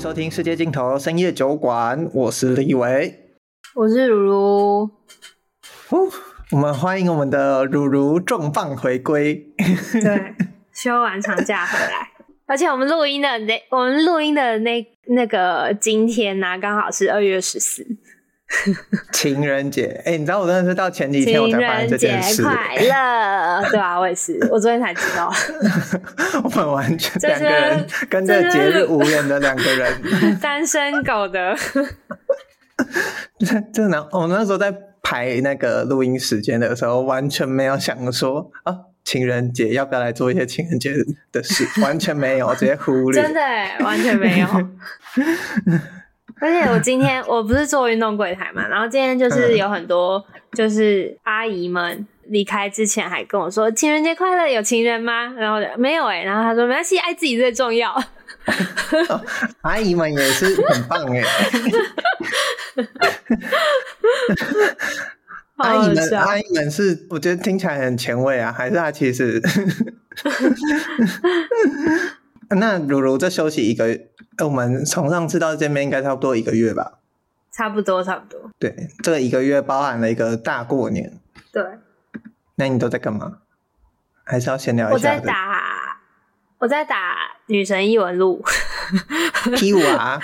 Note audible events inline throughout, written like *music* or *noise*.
收聽世界盡頭深夜酒館，我是力瑋，我是茹茹。我們歡迎我們的茹茹重磅回歸。 *laughs* 對，休完長假回來， *laughs* 而且我們錄音的那，我們錄音的那那個今天呢啊，剛好是二月十四。情人節，欸、你知道我真的是到前幾天我才發現這件事，情人節快樂，對吧、啊？我也是，我昨天才知道， *laughs* 我們完全兩個人跟這個節日無緣的兩個人，單身狗的。這這 *laughs* 我那時候在排那個錄音時間的時候，我完全沒有想說啊，情人節要不要來做一些情人節的事，完全沒有，我直接忽略，真的完全沒有。 *laughs* 而且、okay, 我今天 *laughs* 我不是做運動櫃台嘛，然後今天就是有很多就是阿姨們離開之前還跟我說 *laughs* 情人節快樂，有情人嗎？然後我就沒有誒、欸、然後他說，沒關係，愛自己最重要。 *laughs* 哦、阿姨們也是很棒誒、欸、 *laughs* 阿姨們阿姨們是我覺得聽起來很前衛啊，還是他其實。 *laughs* *laughs* 那如如這休息一個月，我們從上次到這邊應該差不多一個月吧？差不多，差不多。對，這個、一個月包含了一個大過年。對。那你都在幹嘛？還是要閒聊一下？我在打，對我在打《女神異聞錄》 *laughs* P 五 R。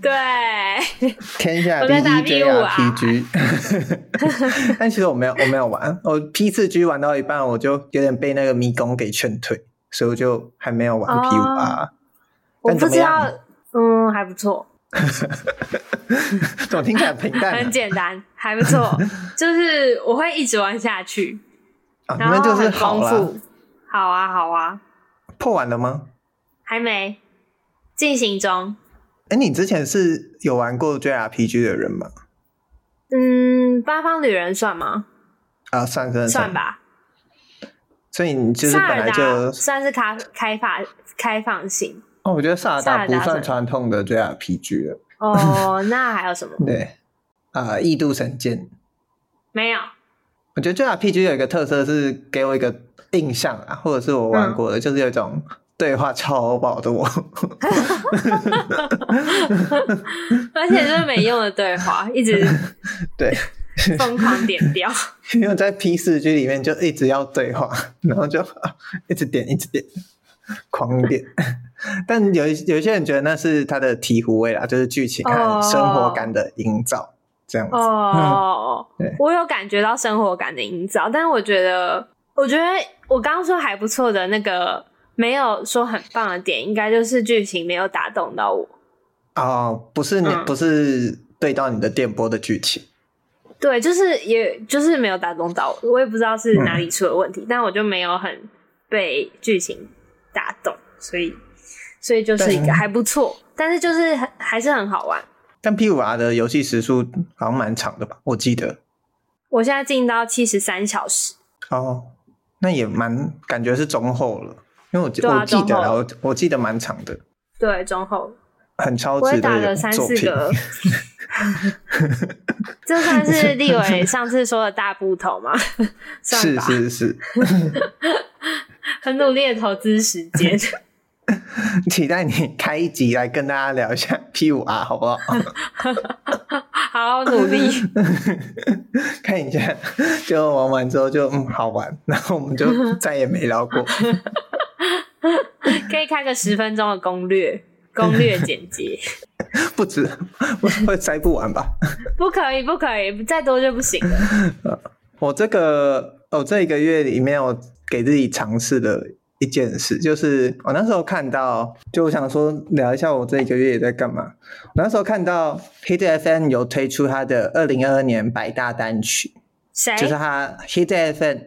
對。天下第一 JRPG。P *laughs* *laughs* 但其實我沒有，我沒有玩，我 P 四 G 玩到一半，我就有點被那個迷宮給勸退。所以就還沒有玩 P 五啊？哦、我不知道，嗯，還不錯。總 *laughs* 聽起來平淡、啊。 *laughs* 很簡單，還不錯，就是我會一直玩下去。啊、然後你們、啊、就是豐富。好啊，好啊，好啊。破完了嗎？還沒，進行中。哎、欸，你之前是有玩過 JRPG 的人嗎？嗯，八方旅人算嗎？啊，算，可算，算，算吧。所以你就是本來就算是開開發開放型哦，我覺得《薩爾達》不算傳統的 JRPG 了。哦，那還有什麼？對，呃，《異度神劍》沒有。我覺得 JRPG 有一個特色是給我一個印象啊，或者是我玩過的，嗯、就是有一種對話超爆的。我 *laughs* ， *laughs* 而且是沒用的對話，一直對。瘋狂點掉， *laughs* 因為在 P 四 G 裡面就一直要對話，然後就一直點，一直點，狂點。但有有一些人覺得那是他的醍醐味啦，就是劇情和生活感的營造這樣子。哦，我有感覺到生活感的營造，但是我覺得，我覺得我剛剛說還不錯的那個沒有說很棒的點，應該就是劇情沒有打動到我哦，oh，不是你，嗯，不是對到你的電波的劇情。對，就是也，也就是沒有打動到我，我也不知道是哪裡出了問題，嗯、但我就沒有很被劇情打動，所以，所以就是一個還不錯，但，但是就是還是很好玩。但 P 五 R 的遊戲時數好像蠻長的吧？我記得，我現在進到七十三小時哦，那也蠻感覺是中後了，因為我、啊、我記得，我後我記得蠻長的，對，中後。很超值，的打了三四個這作品 *laughs* 算是力瑋上次說的大部頭嗎？算吧。是是是， *laughs* 很努力的投資時間。 *laughs* 期待你開一集來跟大家聊一下 P 五 R，好不好？ *laughs* 好，好努力， *laughs* 看一下，就玩完之後就嗯好玩，然後我們就再也沒聊過。 *laughs* 可以開個十分鐘的攻略。攻略剪輯 *laughs* 不止，我會摘不完吧？ *laughs* 不可以，不可以，再多就不行了。我這個，我這一個月裡面，我給自己嘗試了一件事，就是我那時候看到，就我想說聊一下我這一個月也在幹嘛。我那時候看到 Hit FM 有推出它的二零二二年百大單曲，誰就是它 Hit FM,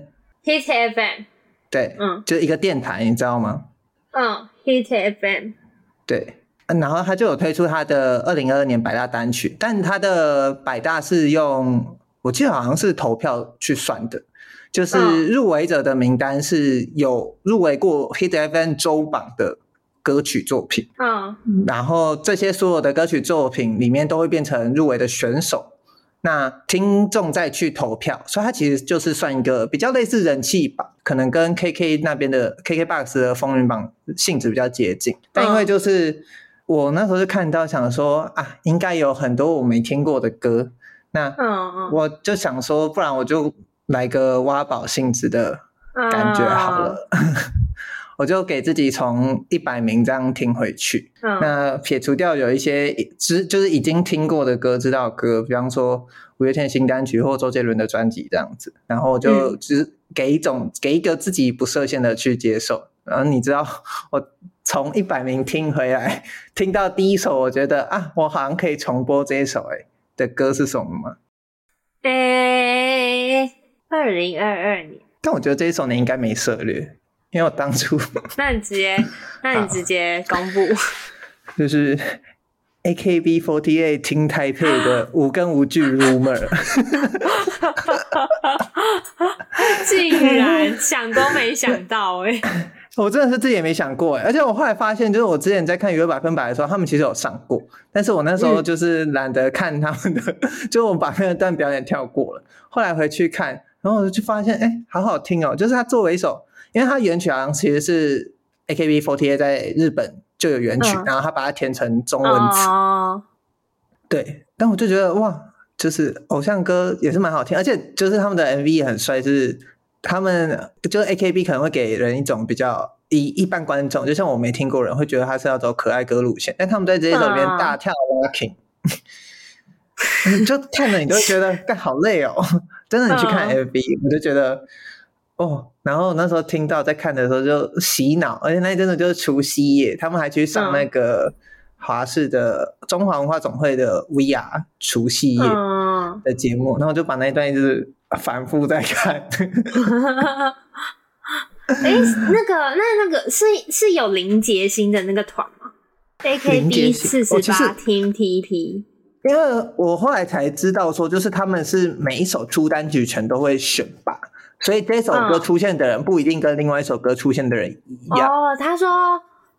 Hit FM，Hit FM，對，嗯，就是一個電台，你知道嗎？嗯、哦、，Hit FM。對，然後他就有推出他的二零二二年百大單曲，但他的百大是用，我記得好像是投票去算的，就是入圍者的名單是有入圍過 Hit FM 週榜的歌曲作品，嗯，然後這些所有的歌曲作品裡面都會變成入圍的選手。那聽眾再去投票，所以他其實就是算一個比較類似人氣榜，可能跟 KK 那邊的 KKBox 的風雲榜性質比較接近。但因為就是我那時候就看到，想說啊，應該有很多我沒聽過的歌，那我就想說，不然我就來個挖寶性質的感覺好了。Uh. *laughs* 我就給自己從一百名這樣聽回去，哦、那撇除掉有一些知、就是、就是已經聽過的歌、知道歌，比方說五月天的新單曲或周杰倫的專輯這樣子，然後我就只給一種、嗯、給一個自己不設限的去接受。然後你知道我從一百名聽回來，聽到第一首，我覺得啊，我好像可以重播這一首誒、欸、的歌是什麼嗎？對、欸，二零二二年。但我覺得這一首你應該沒涉獵。沒有當初，那你直接，那你直接公布，就是 AKB48 Team TP 的無根無據 rumor，竟然想都沒想到、欸、我真的是自己也沒想過、欸，而且我後來發現，就是我之前在看娛樂百分百的時候，他們其實有上過，但是我那時候就是懶得看他們的，嗯、就我把那段表演跳過了。後來回去看。然後我就發現，哎、欸，好好聽哦！就是他作為一首，因為他原曲好像其實是 AKB48 在日本就有原曲，嗯、然後他把它填成中文詞。哦、對，但我就覺得哇，就是偶像歌也是蠻好聽，而且就是他們的 MV 也很帥、就是，是他們就是 AKB 可能會給人一種比較一一般觀眾，就像我沒聽過人會覺得他是要走可愛歌路線，但他們在這一首裡面大跳 Walking、啊、 *laughs* 你就看着你都覺得，幹 *laughs* 好累哦。真的，你去看 MV，、uh, 我就覺得哦。然後那時候聽到在看的時候就洗腦，而且那真的就是除夕夜，他們還去上那個華視的中華文化總會的 WE ARE 除夕夜的節目，uh, 然後我就把那一段就是反覆在看。哎，那個，那那個是是有林杰星的那個團嗎？AKB 四十八 Team TP。因為我後來才知道，說就是他們是每一首出單曲全都會選吧。所以這首歌出現的人不一定跟另外一首歌出現的人一樣。嗯、哦，他說，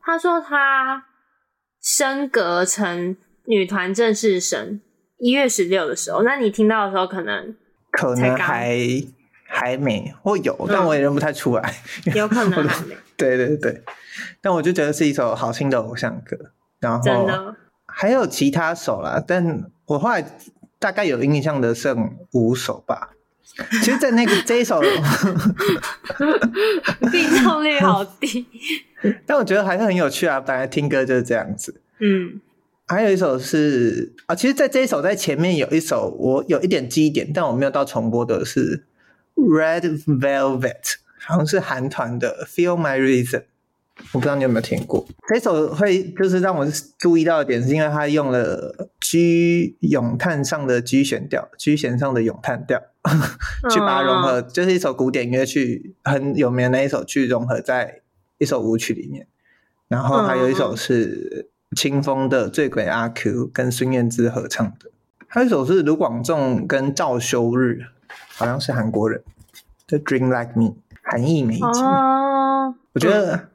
他說他升格成女團正式生一月十六的時候，那你聽到的時候可能可能還還沒或有，但我也認不太出來，嗯、有可能 *laughs* 對，對對對，但我就覺得是一首好聽的偶像歌，然後。真的。還有其他首啦，但我後來大概有印象的剩五首吧。 *laughs* 其實，在那個這一首，命中率好低。但我覺得還是很有趣啊，大家聽歌就是這樣子。嗯，還有一首是啊，其實，在這一首在前面有一首我有一點記憶點，但我沒有到重播的是《Red Velvet》，好像是韓團的《Feel My Rhythm》。我不知道你有沒有聽過，這首會就是讓我注意到的點，是因為他用了 G 詠嘆上的 G 弦調，G 弦上的詠嘆調，去把它融合，就是一首古典音樂，去很有名的一首，去融合在一首舞曲裡面。然後還有一首是青峰的《醉鬼阿 Q》跟孫燕姿合唱的，還有一首是盧廣仲跟趙休日，好像是韓國人的《Dream Like Me》，韓裔美籍，我覺得。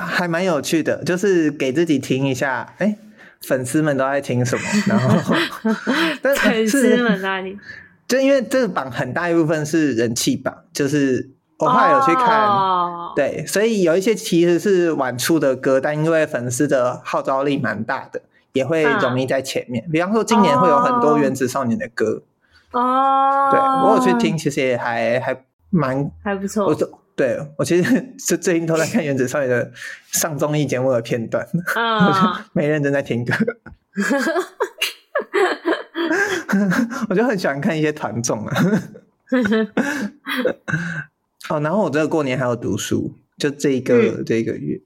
還蠻有趣的，就是給自己聽一下，哎、欸，粉絲們都在聽什麼？然後， *laughs* 粉絲們那、啊、裡，就因為這個榜很大一部分是人氣榜，就是我怕有去看，哦、對，所以有一些其實是晚出的歌，但因為粉絲的號召力蠻大的，也會容易在前面。嗯、比方說今年會有很多原子少年的歌，哦，對，我有去聽，其實也還還蠻還不錯。對，我其實是最近都在看原子少年的上綜藝節目的片段，oh. *laughs* 我就沒認真在聽歌。 *laughs* 我就很喜歡看一些團綜啊。 *laughs* *laughs* oh, 然後我這個過年還要讀書，就這一個、嗯、這個月。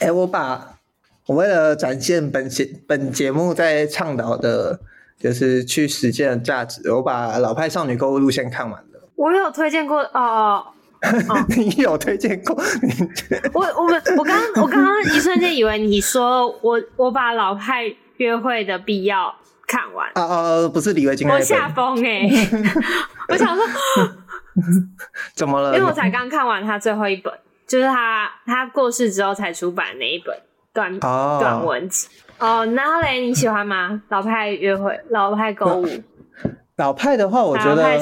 哎、欸，我把我為了展現本節本節目在倡導的，就是去實踐的價值，我把老派少女購物路線看完了。我有推薦過、oh. 哦、你有推薦過？你我我們我剛剛我剛剛一瞬間以為你說我我把老派約會的必要看完啊，啊不是李維菁，我下瘋哎、欸， *laughs* 我想說怎麼了？因為我才剛看完他最後一本，就是他他過世之後才出版的那一本短、哦、短文字哦。那後嘞你喜歡嗎？老派約會，老派購物，老派的話，我覺得。老派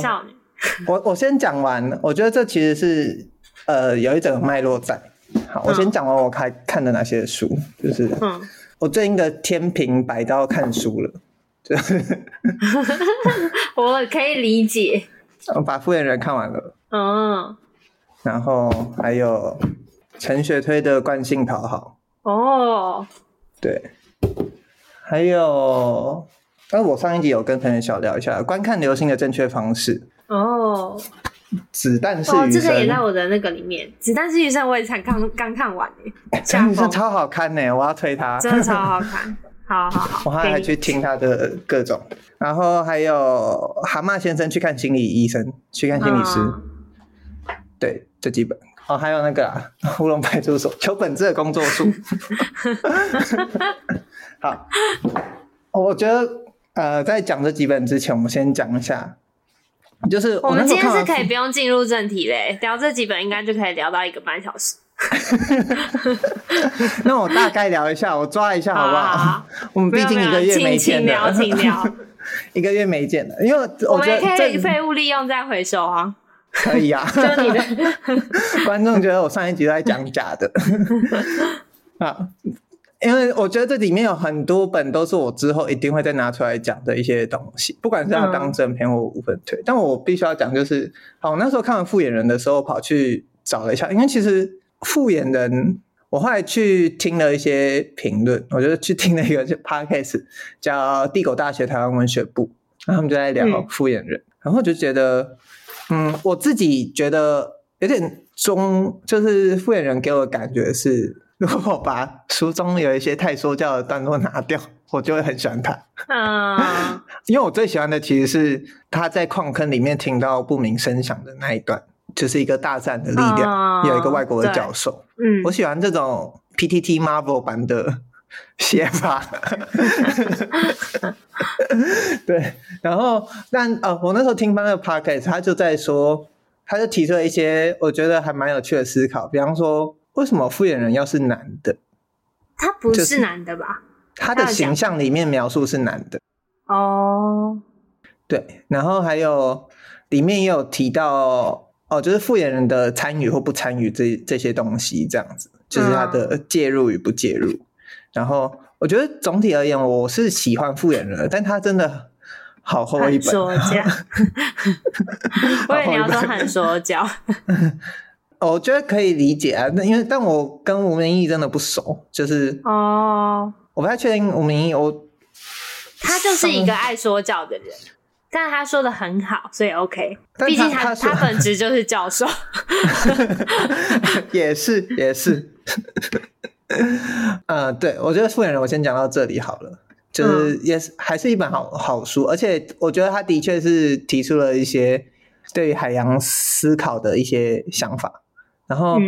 *laughs* 我我先講完，我覺得這其實是呃有一整個脈絡在。好，我先講完，我還看了哪些書，嗯、就是嗯，我最近的天平擺到看書了。 *laughs* *laughs* 我可以理解。我把《複眼人》看完了。嗯、哦。然後還有承學推的《慣性討好》。哦。對。還有，哎、呃，我上一集有跟朋友小聊一下觀看流星的正確方式。哦，oh, 子彈是餘生，這個也在我的那個裡面。子彈是餘生，我也才剛剛看完耶、欸。真的是超好看呢、欸，我要推他，真的超好看，好好好。我還，要還去聽他的各種，以然後還有《蛤蟆先生去看心理醫生》，去看心理師。Oh. 對，這幾本，哦，還有那個、啊《烏龍派出所》，求本質的工作書。 *laughs* *laughs* 好，我覺得呃，在講這幾本之前，我們先講一下。就是我，我們今天是可以不用進入正題嘞、欸，聊這幾本應該就可以聊到一個半小時。 *laughs* 那我大概聊一下，我抓一下好不好？好啊好啊。我們畢竟一個月沒見了。請聊，請聊。 *laughs* 一個月沒見了，因為我覺我們可以廢物利用再回收啊。可以啊， *laughs* 你的 *laughs* 觀眾覺得我上一集都在講假的。 *laughs* 好。因為我覺得這裡面有很多本都是我之後一定會再拿出來講的一些東西，不管是他當正片或五分推，但我必須要講就是，好，那時候看完《複眼人》的時候，跑去找了一下，因為其實《複眼人》，我後來去聽了一些評論，我就去聽了一個就 podcast 叫“地狗大學台灣文學部”，然後他們就在聊《複眼人》，然後就覺得，嗯，我自己覺得有點中，就是《複眼人》給我的感覺是。如果把書中有一些太說教的段落拿掉，我就會很喜歡他。Uh、 *laughs* 因為我最喜歡的其實是他在礦坑裡面聽到不明聲響的那一段，就是一個大戰的力量，uh、有一個外國的教授。嗯對，我喜歡這種 PTT Marvel 版的寫法。對，然後但呃我那時候聽到那個 Podcast，他就在說，他就提出了一些我覺得還蠻有趣的思考，比方說。為什麼複眼人要是男的？他不是男的吧？他的形象裡面描述是男的。哦，對，然後還有裡面也有提到哦，就是複眼人的參與或不參與這這些東西，這樣子就是他的介入與不介入。嗯、然後我覺得總體而言，我是喜歡複眼人， *laughs* 但他真的好厚一本，很說教。我也要說很說教。 *laughs* 我覺得可以理解啊，那因為但我跟吳明益真的不熟，就是哦，我不太確定吳明益，我他就是一個愛說教的人，但他說的很好，所以 OK。畢他竟他他，說 他本質就是教授，也是 *laughs* *laughs* 也是，嗯、 *laughs* 呃，對我覺得複眼人，我先講到這裡好了，就是也是、嗯、還是一本好好書，而且我覺得他的確是提出了一些對於海洋思考的一些想法。然後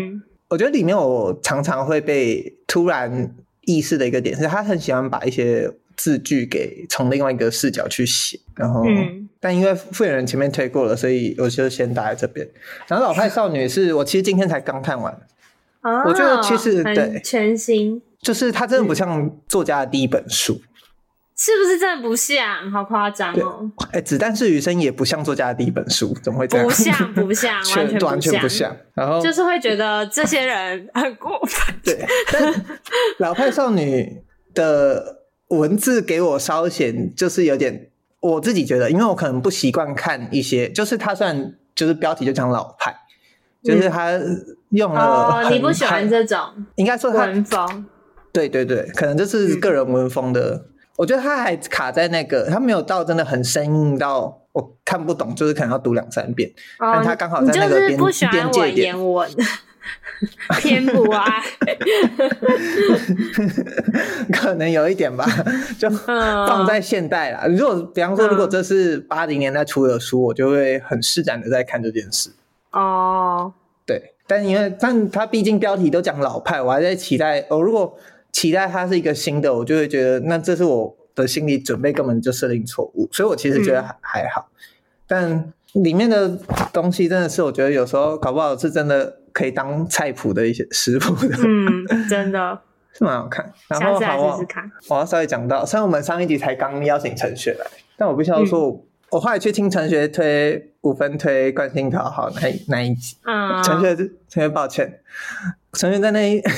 我覺得裡面我常常會被突然意識的一個點是，他很喜歡把一些字句給從另外一個視角去寫。然後，嗯、但因為複眼人前面推過了，所以我就先打在這邊。然後老派少女是 *laughs* 我其實今天才剛看完，oh, 我覺得其實、oh, 對全新，就是他真的不像作家的第一本書。嗯是不是真的不像？好誇張哦！哎、欸，子彈是餘生也不像作家的第一本書，怎麼會這樣？不像，不像，完全不像。 *laughs* 不像然後就是會覺得這些人很過分。對 *laughs* 但，老派少女的文字給我稍顯就是有點，我自己覺得，因為我可能不習慣看一些，就是他算就是標題就講老派，嗯、就是他用了、哦、你不喜歡這種，應該說文風。他文風對對對，可能就是個人文風的。嗯我覺得他還卡在那個，他沒有到真的很生硬到我看不懂，就是可能要讀兩三遍。嗯、但他剛好在那個邊邊界點，我 *laughs* 天不啊，可能有一點吧， *laughs* 就放在現代啦。嗯、如果比方說，如果這是八零年代出的書，嗯、我就會很釋然的在看這件事。哦，對，但因為但他畢竟標題都講老派，我還在期待哦。如果期待它是一個新的，我就會覺得那這是我的心理準備根本就設定錯誤，所以我其實覺得還、嗯、還好，但裡面的東西真的是我覺得有時候搞不好是真的可以當菜譜的一些食譜的，嗯，真的是蠻好看。然後好好下次試試看。我要稍微講到，雖然我們上一集才剛邀請承學來，但我必須要說，嗯、我後來去聽承學推五分推慣性討好哪那一集啊？陳、嗯、學，承學抱歉，承學在那一。 *laughs*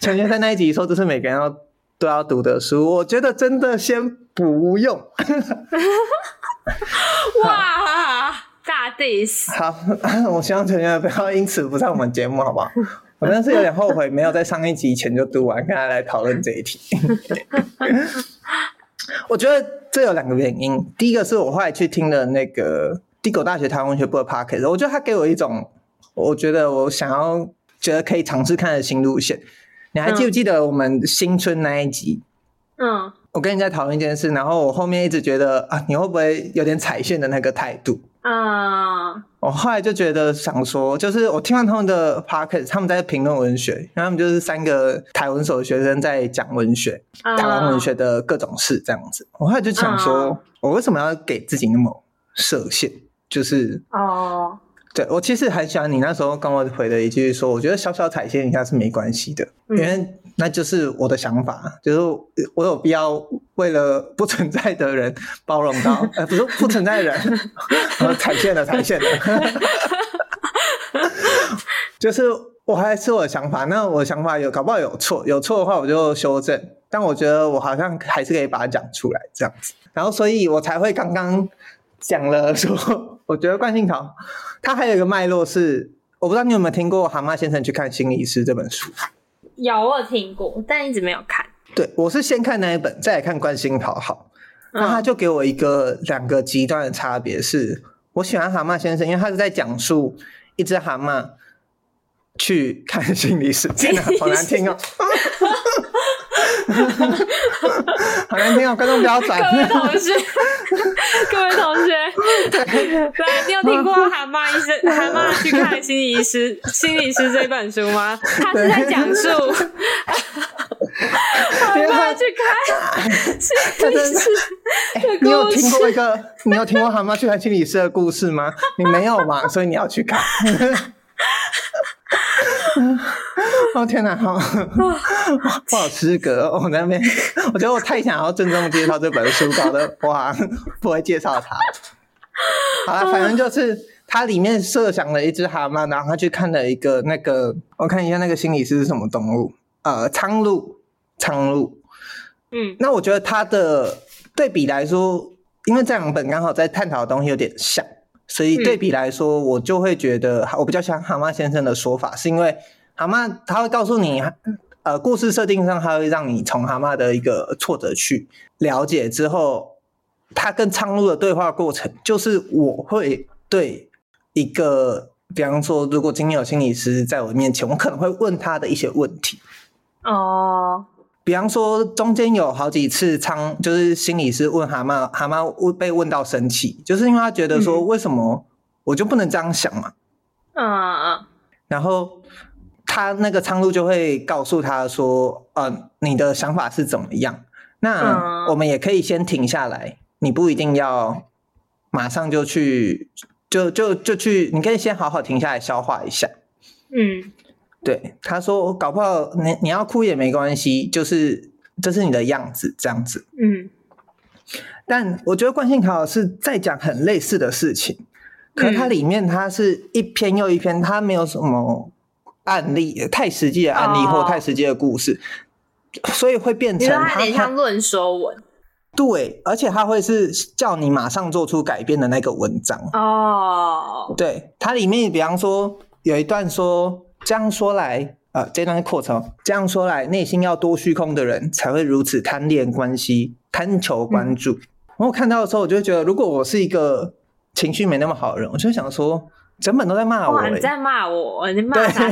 成 *laughs* 學在那一集說，這是每個人要都要讀的書，我覺得真的先不用 *laughs* 好哇，大 Diss。好，我希望承學不要因此不上我們節目好不好？我真的是有點後悔，沒有在上一集以前就讀完跟他來討論這一題 *laughs* 我覺得這有兩個原因，第一個是我後來去聽了那個地狗大學台灣文學部的 Podcast，我覺得他給我一種，我覺得我想要覺得可以嘗試看的新路線，你還記不記得我們新春那一集？嗯，我跟你在討論一件事，然後我後面一直覺得啊，你會不會有點踩線的那個態度？嗯，我後來就覺得想說，就是我聽完他們的 podcast，他們在評論文學，然後他們就是三個台文所的學生在講文學，台灣文學的各種事這樣子。我後來就想說，我為什麼要給自己那麼設限？就是哦。對，我其實很喜歡你那時候跟我回的一句說，我覺得小小踩線一下是沒關係的，嗯、因為那就是我的想法，就是我有必要為了不存在的人包容到， *laughs* 呃，不是不存在的人，踩、 *laughs* 呃、線的踩線的， *laughs* *laughs* 就是我還是我的想法，那我想法有搞不好有錯，有錯的話我就修正，但我覺得我好像還是可以把它講出來這樣子，然後所以我才會剛剛。講了說，我覺得慣性討好，它還有一個脈絡是，我不知道你有沒有聽過《蛤蟆先生去看心理師》這本書？有，我有聽過，但一直沒有看。對，我是先看那一本，再來看慣性討好。好，那他就給我一個兩、嗯、個極端的差別是，我喜歡蛤蟆先生，因為他是在講述一隻蛤蟆去看心理師，真的好難聽哦、喔。 *laughs* 啊哈哈，好難聽哦，觀眾不要轉。各位同學，各位同學，對對，你有聽過蛤蟆醫生、蛤蟆去看心理師、心理師這本書嗎？他是在講述，蛤蟆要去看心理師。你有聽過一個，你有聽過蛤蟆去看心理師的故事嗎？你沒有吧？所以你要去看。我、 *laughs* 哦、天哪，不、哦、好哇 *laughs* 失格！我、哦、那邊，我覺得我太想要鄭重介紹這本書，搞得我好像不會介紹它。好了，反正就是它裡面設想了一只蛤蟆，然後它去看了一個那個，我看一下那個心理師是什麼動物？呃，蒼鷺，蒼鷺。嗯，那我覺得它的對比來說，因為這兩本剛好在探討的東西有點像。所以對比來說，我就會覺得我比較喜歡蛤蟆先生的說法，是因為蛤蟆他會告訴你，呃，故事設定上他會讓你從蛤蟆的一個挫折去了解之後，他跟蒼鷺的對話的過程，就是我會對一個，比方說，如果今天有心理師在我面前，我可能會問他的一些問題。哦。比方說，中間有好幾次蒼，就是心理師問蛤蟆，蛤蟆被問到神奇，就是因為他覺得說，為什麼我就不能這樣想嘛？啊啊、嗯！然後他那個蒼鷺就會告訴他說：“呃，你的想法是怎麼樣？那我們也可以先停下來，你不一定要馬上就去，就就就去，你可以先好好停下來消化一下。”嗯。對他說：“搞不好你你，要哭也沒關係，就是這、就是你的樣子這樣子。”嗯。但我覺得慣性討好是在講很類似的事情，可它裡面它是一篇又一篇，嗯、它沒有什麼案例，太實際的案例或太實際的故事，哦、所以會變成有點像論說文。對，而且他會是叫你馬上做出改變的那個文章哦。對，它裡面比方說有一段說。這樣說來，啊、呃，這段擴張、哦、這樣說來，內心要多虛空的人才會如此貪戀關係、貪求關注。我、嗯、看到的時候，我就會覺得，如果我是一個情緒沒那麼好的人，我就會想說，整本都在罵我。你在罵我？你罵誰？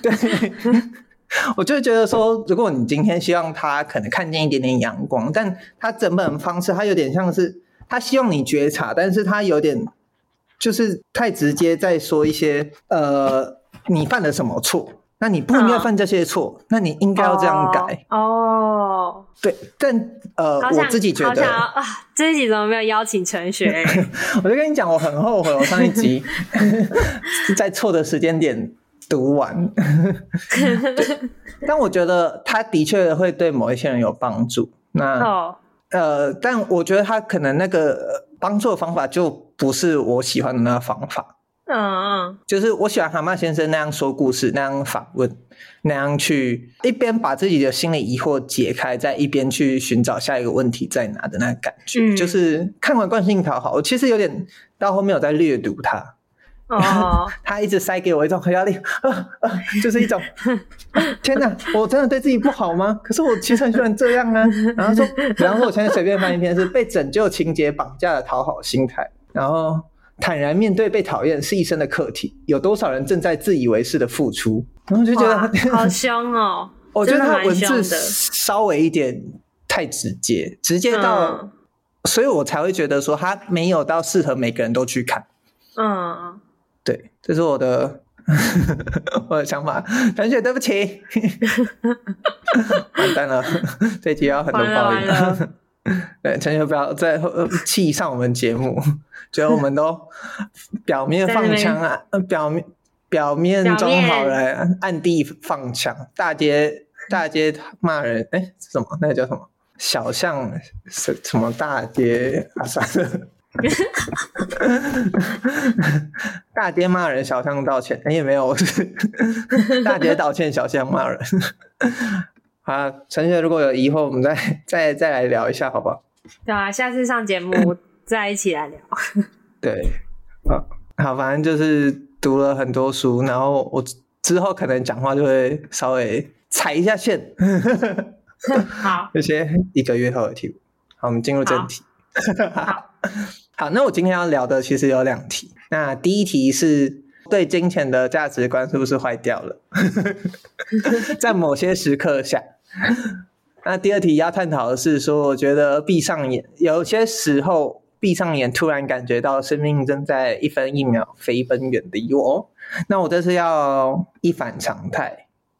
對。對， *laughs* *laughs* 我就會覺得說，如果你今天希望他可能看見一點點陽光，但他整本方式，他有點像是他希望你覺察，但是他有點就是太直接，在說一些呃。 *laughs* 你犯了什麼錯？那你不應該犯這些錯，oh. 那你應該要這樣改哦。Oh. Oh. 對，但呃，像我自己覺得、啊，自己怎麼沒有邀請承學？ *laughs* 我就跟你講，我很後悔，我上一集 *laughs* *laughs* 在錯的時間點讀完 *laughs* 但我覺得他的確會對某一些人有幫助。那、oh. 呃，但我覺得他可能那個幫助的方法就不是我喜歡的那個方法。嗯，oh. 就是我喜歡蛤蟆先生那樣說故事，那樣訪問，那樣去一邊把自己的心理疑惑解開，再一邊去尋找下一個問題在哪的那個感覺。嗯、就是看完慣性討好，我其實有點到後面有在略讀它，哦，oh. 他一直塞給我一種很壓力、啊啊，就是一種、啊、天哪，我真的對自己不好嗎？可是我其實很喜歡這樣啊。然後說，然後我現在隨便翻一篇是被拯救情節綁架的討好心態，然後。坦然面對被討厭是一生的課題。有多少人正在自以為是的付出？然後就覺得好香哦！ *laughs* 我覺得他的文字稍微一點太直接，直接到，嗯、所以我才會覺得說他沒有到適合每個人都去看。嗯，對，這是我的 *laughs* 我的想法。承學，對不起， *laughs* 完蛋了，這集要很多報應。完了完了對，承學不要再、呃、氣上我們節目，覺得我們都表面放槍、啊，表面表面裝好人，暗地放槍，面大街，大街，罵人誒？什麼？那叫什麼？小巷，什麼？大街，啊，算了，大街罵人，哎，什麼？那個叫什麼？小巷什什麼？大街啊，算了， *laughs* *laughs* 大街罵人，小巷道歉，也沒有，大街道歉，小巷罵人。好，承學，如果有疑惑，我們再再再，再來聊一下，好不好？對啊，下次上節目再一起來聊。 *laughs* 對，好，好，反正就是讀了很多書，然後我之後可能講話就會稍微踩一下線。 *laughs* *laughs* 好，有些一個月後的題目。好，我們進入正題。哈好。 *laughs* 好，那我今天要聊的其實有兩題。那第一題是對金錢的價值觀是不是壞掉了？ *laughs* 在某些時刻下。 *laughs* 那第二題要探討的是，說我覺得閉上眼，有些時候閉上眼，突然感覺到生命正在一分一秒飛奔遠離我、哦。那我這是要一反常態，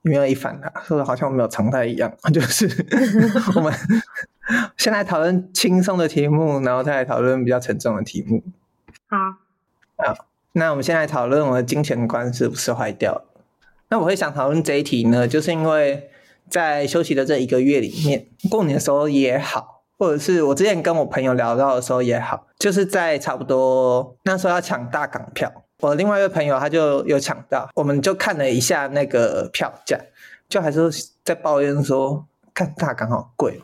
有沒有一反、啊？說的好像我沒有常態一樣，就是我們先來討論輕鬆的題目，然後再來討論比較沉重的題目。好，好，那我們先來討論我的金錢觀是不是壞掉？那我會想討論這一題呢，就是因為。在休息的這一個月裡面，過年的時候也好，或者是我之前跟我朋友聊到的時候也好，就是在差不多那時候要搶大港票，我的另外一個朋友他就有搶到，我們就看了一下那個票價，就還是在抱怨說，看大港好貴喔。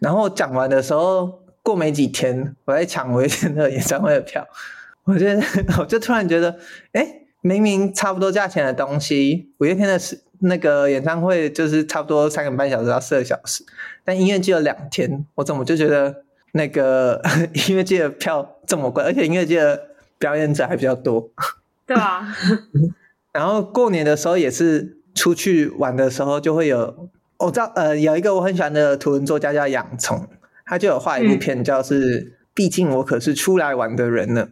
然後講完的時候，過沒幾天我在搶五月天的演唱會的票，我就我就突然覺得，欸，明明差不多價錢的東西，五月天的是。那個演唱會就是差不多三個半小時到四個小時，但音樂節有兩天，我怎麼就覺得那個音樂節的票這麼貴？而且音樂節的表演者還比較多，對吧？啊？ *laughs* 然後過年的時候也是出去玩的時候就會有，我知道呃，有一個我很喜歡的圖文作家叫洋蔥，他就有畫一部片，就，叫是《嗯、畢竟我可是出來玩的人呢》。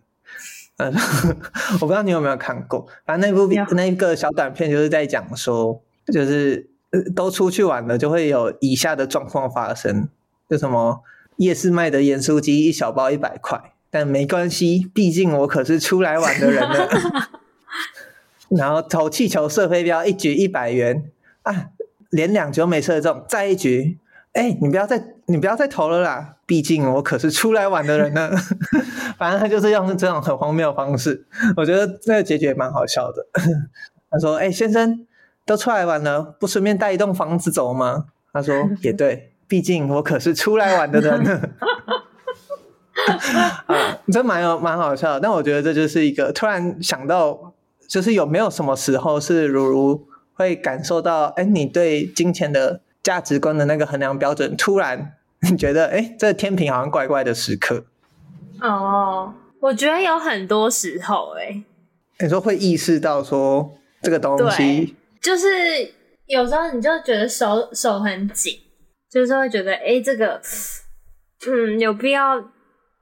嗯， *laughs* 我不知道你有沒有看過，反正那部片，那個小短片就是在講說，就是都出去玩了，就會有以下的狀況發生，就什麼夜市賣的鹽酥雞，一小包一百塊，但沒關係，畢竟我可是出來玩的人呢。然後投氣球，射飛鏢，一局一百元啊，連兩局都沒射中，再一局，哎，你不要再，你不要再投了啦。畢竟我可是出來玩的人呢， *laughs* 反正他就是用這種很荒謬的方式，我覺得這個結局也蠻好笑的。他說：“誒、欸、先生，都出來玩了，不順便帶一棟房子走嗎？”他說：“也對，畢竟我可是出來玩的人呢。” *laughs* *laughs* 啊，這蠻有蠻好笑的。但我覺得這就是一個突然想到，就是有沒有什麼時候是如如會感受到，誒、欸、你對金錢的價值觀的那個衡量標準突然。你覺得，哎、欸，這天平好像怪怪的時刻哦。Oh, 我覺得有很多時候、欸，哎，你說會意識到說這個東西，就是有時候你就覺得手手很緊，就是會覺得，哎、欸，這個，嗯，有必要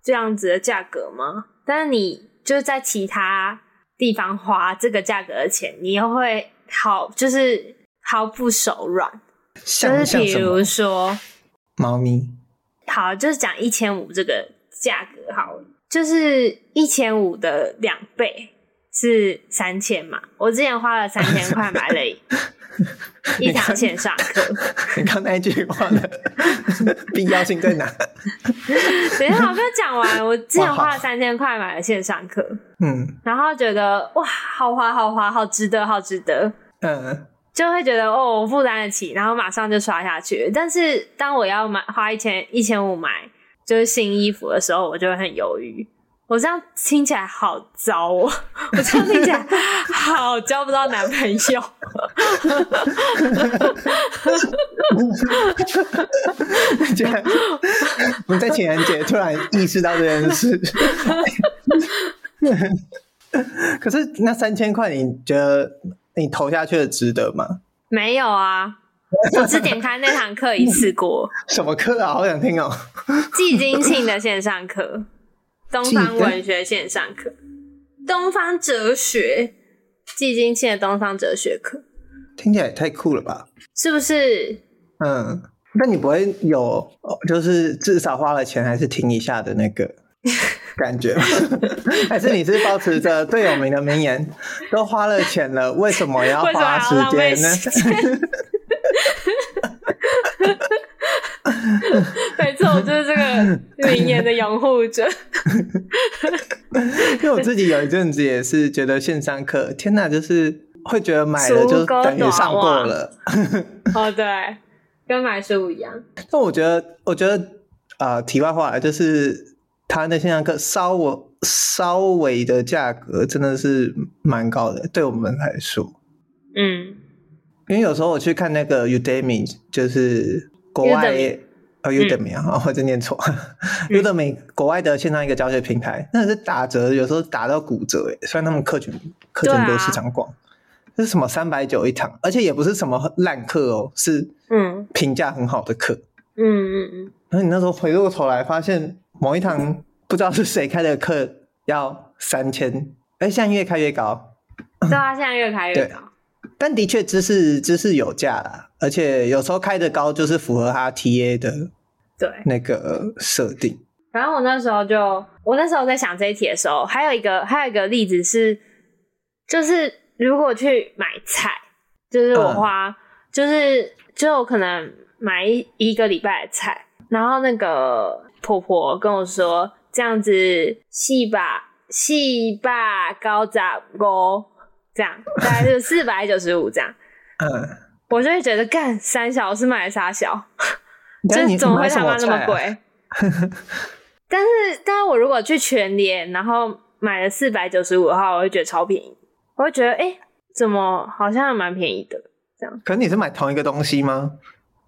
這樣子的價格嗎？但是你就在其他地方花這個價格的錢，你又會毫就是毫不手軟，就像是比如說。貓咪，好，就是講一千五這個價格，好，就是一千五的兩倍是三千嘛。我之前花了三千塊買了一， *laughs* 一堂線上課。你剛才那一句話呢？必要性在哪？ *laughs* 等一下，我剛講完，我之前花了三千塊買了線上課，嗯好，然後覺得哇，好花，好花，好值得，好值得，嗯。就會覺得哦，我負擔得起，然後馬上就刷下去。但是當我要買花一千一千五買就是新衣服的時候，我就會很猶豫。我這樣聽起來好糟哦，我這樣聽起來好交不到男朋友。我哈哈哈哈！哈哈哈哈哈！哈哈哈哈哈！哈哈哈哈哈！哈哈哈你投下去的值得嗎？沒有啊，我只點開那堂課一次過。 *laughs* 什麼課啊？好想聽哦！紀金慶的線上課，東方文學線上課，得東方哲學，紀金慶的東方哲學課，聽起來也太酷了吧？是不是？嗯，那你不會有，就是至少花了錢還是聽一下的那個。 *laughs* 感覺還是你是抱持着最有名的名言？都花了錢了，為什麼要花時間呢？沒錯，我就是這個名言的擁護者。因為我自己有一陣子也是覺得線上課，天哪、啊，就是會覺得買了就等於上過了。哦，對，跟買書一樣。但我覺得，我覺得啊、呃，題外話就是。他的線上課稍微稍微的價格真的是蠻高的，對我們來說，嗯，因為有時候我去看那個 Udemy，就是國外啊 Udemy 啊，我真念錯 Udemy 國外的線上一個教學平台，那是打折，有時候打到骨折誒，雖然他們客群客群都市場廣，啊、這是什麼三百九一堂，而且也不是什麼爛課哦，是嗯評價很好的課，嗯嗯嗯。那、嗯、你那時候回過頭來發現。某一堂不知道是誰開的課要三千，欸，現在越開越高，對啊，現在越開越高。越越高，但的確，知識知識有價啦。而且有時候開的高就是符合他 TA 的，對那個設定。反正我那時候就，我那時候在想這一題的時候，還有一個還有一個例子是，就是如果去買菜，就是我花，嗯、就是就可能買一一個禮拜的菜，然後那個。婆婆跟我說：“這樣子四把，細吧，細吧，高雜高，這樣大概是四百九十五，這樣。這樣”嗯， *laughs* 我就會覺得，幹三小是買了三小，這怎就總 麼會、啊、他媽那麼貴？ *laughs* 但是，但是我如果去全聯，然後買了四百九十五的話我會覺得超便宜，我會覺得，哎、欸，怎麼好像蠻便宜的？這樣。可是你是買同一個東西嗎？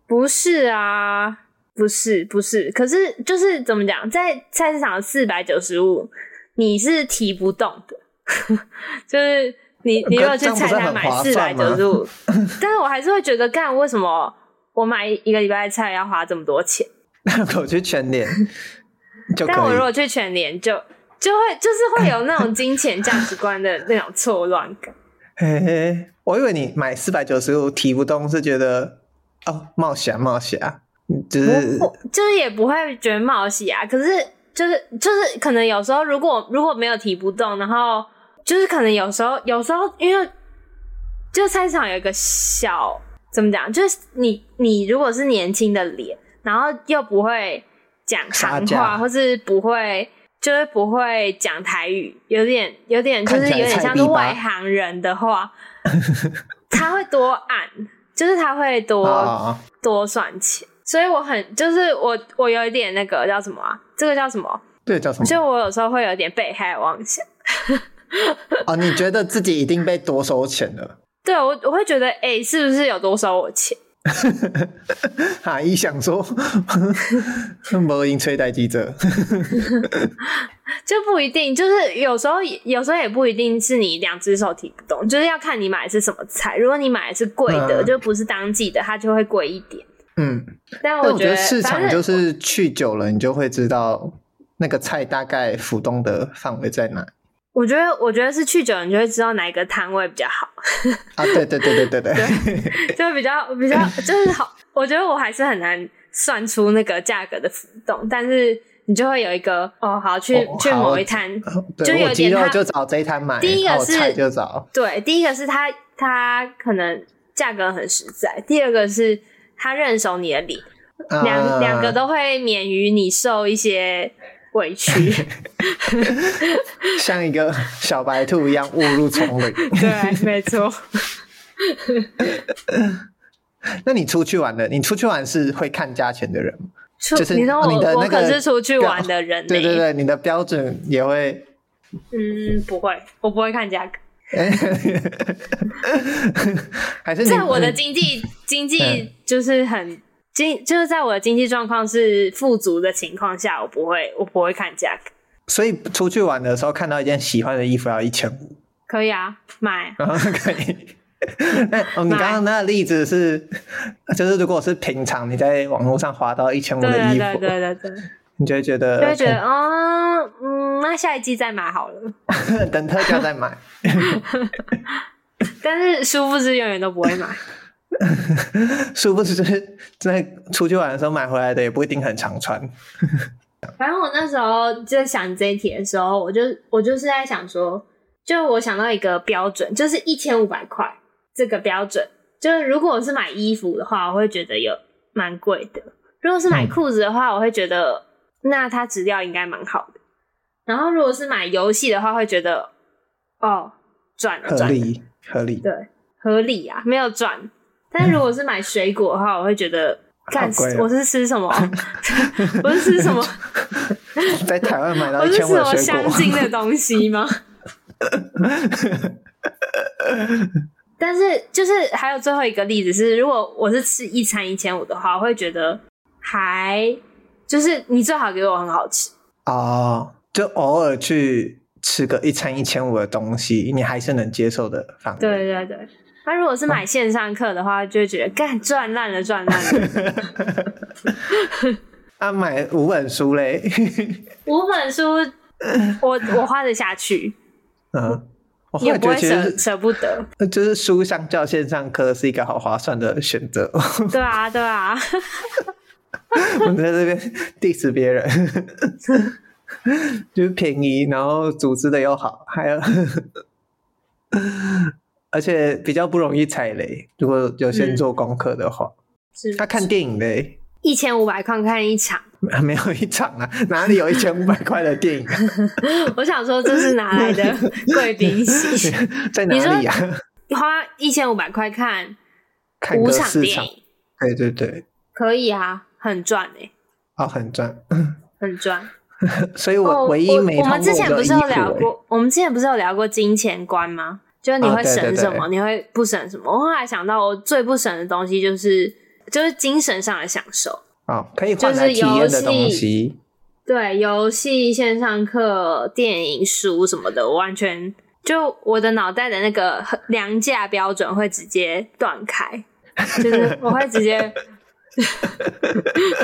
不是啊。不是不是，可是就是怎麼講，在菜市場四百九十五，你是提不動的。呵呵就是你，可 你如果去菜市買四百九十五， *laughs* 但是我還是會覺得，幹為什麼我買一個禮拜的菜要花這麼多錢？我 *laughs* 去全聯。 *laughs* 就但我如果去全聯，就就會就是會有那種金錢價值觀的那種錯亂感 *laughs* 嘿嘿。我以為你買四百九十五提不動，是覺得哦，冒險冒險。不，就是，不，就是也不會覺得冒喜啊。可是就是就是，可能有時候如果如果沒有提不動，然後就是可能有時候有時候，因為就菜市場有一個小怎麼講，就是你你如果是年輕的臉，然後又不會講行話，假或是不會就是不會講台語，有點有點就是有點像是外行人的話， *laughs* 他會多按，就是他會多好多算錢。所以我很就是我我有一點那個叫什麼啊？這個叫什麼？對，叫什麼？所以我有時候會有點被害妄想。啊、哦，你覺得自己一定被多收錢了？ *laughs* 對我我會覺得，哎、欸，是不是有多收我錢？哈一 *laughs* 想說，摩 *laughs* *laughs* 音催待記者 *laughs* *laughs* 就不一定，就是有時候有時候也不一定是你兩隻手提不動，就是要看你買的是什麼菜。如果你買的是貴的，嗯、就不是當季的，它就會貴一點。嗯，但我覺得市場就是去久了，你就會知道那個菜大概浮動的範圍在哪。我覺得，我覺得是去久了，你就會知道哪一個攤位比較好。啊，對對對對對對，就比較比較就是好。我覺得我還是很難算出那個價格的浮動，但是你就會有一個哦，好去去某一攤，就有點他。我雞肉就找這一攤買。第一個是，菜就找。對，第一個是他他可能價格很實在，第二個是。他認熟你的理，兩兩個都會免於你受一些委屈，呃、 *laughs* 像一個小白兔一樣誤入叢林。對，沒錯。 *laughs* *laughs* 那你出去玩的，你出去玩是會看價錢的人嗎？出就是你,你的我、那個、我可是出去玩的人。對對對，你的標準也會。嗯，不會，我不會看價格。 *laughs* 還是你在我的經濟、嗯、經濟就是很經就是在我的經濟狀況是富足的情況下，我不會我不會看價格。所以出去玩的時候，看到一件喜歡的衣服要一千五，可以啊，買 *laughs* 可以。 *laughs* 你剛剛那個例子是，就是如果是平常你在網絡上花到一千五的衣服，對對,對對對。你就會覺得，就會覺得，哦 OK，嗯，那下一季再買好了， *laughs* 等特價再買。 *laughs* *laughs* 但是，殊不知永遠都不會買。殊 *laughs* 不知在出去玩的時候買回來的也不一定很常穿。反 *laughs* 正我那時候在想這一題的時候，我就我就是在想說，就我想到一個標準，就是一千五百塊這個標準。就是如果我是買衣服的話，我會覺得有蠻貴的；如果是買褲子的話，我會覺得。那它質量應該蠻好的。然後，如果是買遊戲的話，會覺得哦，賺了，賺了合理，合理對，合理啊，沒有賺。但如果是買水果的話，我會覺得幹，我是吃什麼 *laughs* 我是吃什麼 *laughs* 在台灣買到香精的東西嗎？但是就是還有最後一個例子是，如果我是吃一餐一千五的話，我會覺得還。就是你最好給我很好吃啊，uh, 就偶爾去吃個一餐一千五的東西，你還是能接受的範圍。對對對，那、啊、如果是買線上課的話，就會覺得幹賺爛了賺爛了。他 *laughs* *laughs* 啊、買五本書嘞？五本書，我我花得下去。嗯、啊，我也不會舍舍不得。就是書相較線上課是一個好划算的選擇。 *laughs* 對啊，對啊。 *laughs* 我們在這邊 diss 別人， *laughs* 就是便宜，然後組織的又好，還有， *laughs* 而且比較不容易踩雷。如果有先做功課的話，他、嗯、看電影嘞，一千五百塊看一場，沒有一場啊，哪裡有一千五百塊的電影、啊？ *laughs* *laughs* 我想說這是哪來的貴賓席？ *laughs* *laughs* 在哪裡啊？花一千五百塊看，看場五場電影？對對對，可以啊。很賺哎、欸！啊、哦，很賺，很賺賺。 *laughs* 所以我唯一沒我，、欸哦、我，我們之前不是有聊過，我們之前不是有聊過金錢觀嗎？就是你會省什麼，哦、對對對，你會不省什麼？我後來想到，我最不省的東西就是，就是精神上的享受啊、哦，可以換來體驗的東西就是遊戲，對，遊戲、線上課、電影、書什麼的，我完全就我的腦袋的那個量價標準會直接斷開，就是我會直接。 *laughs* 哈哈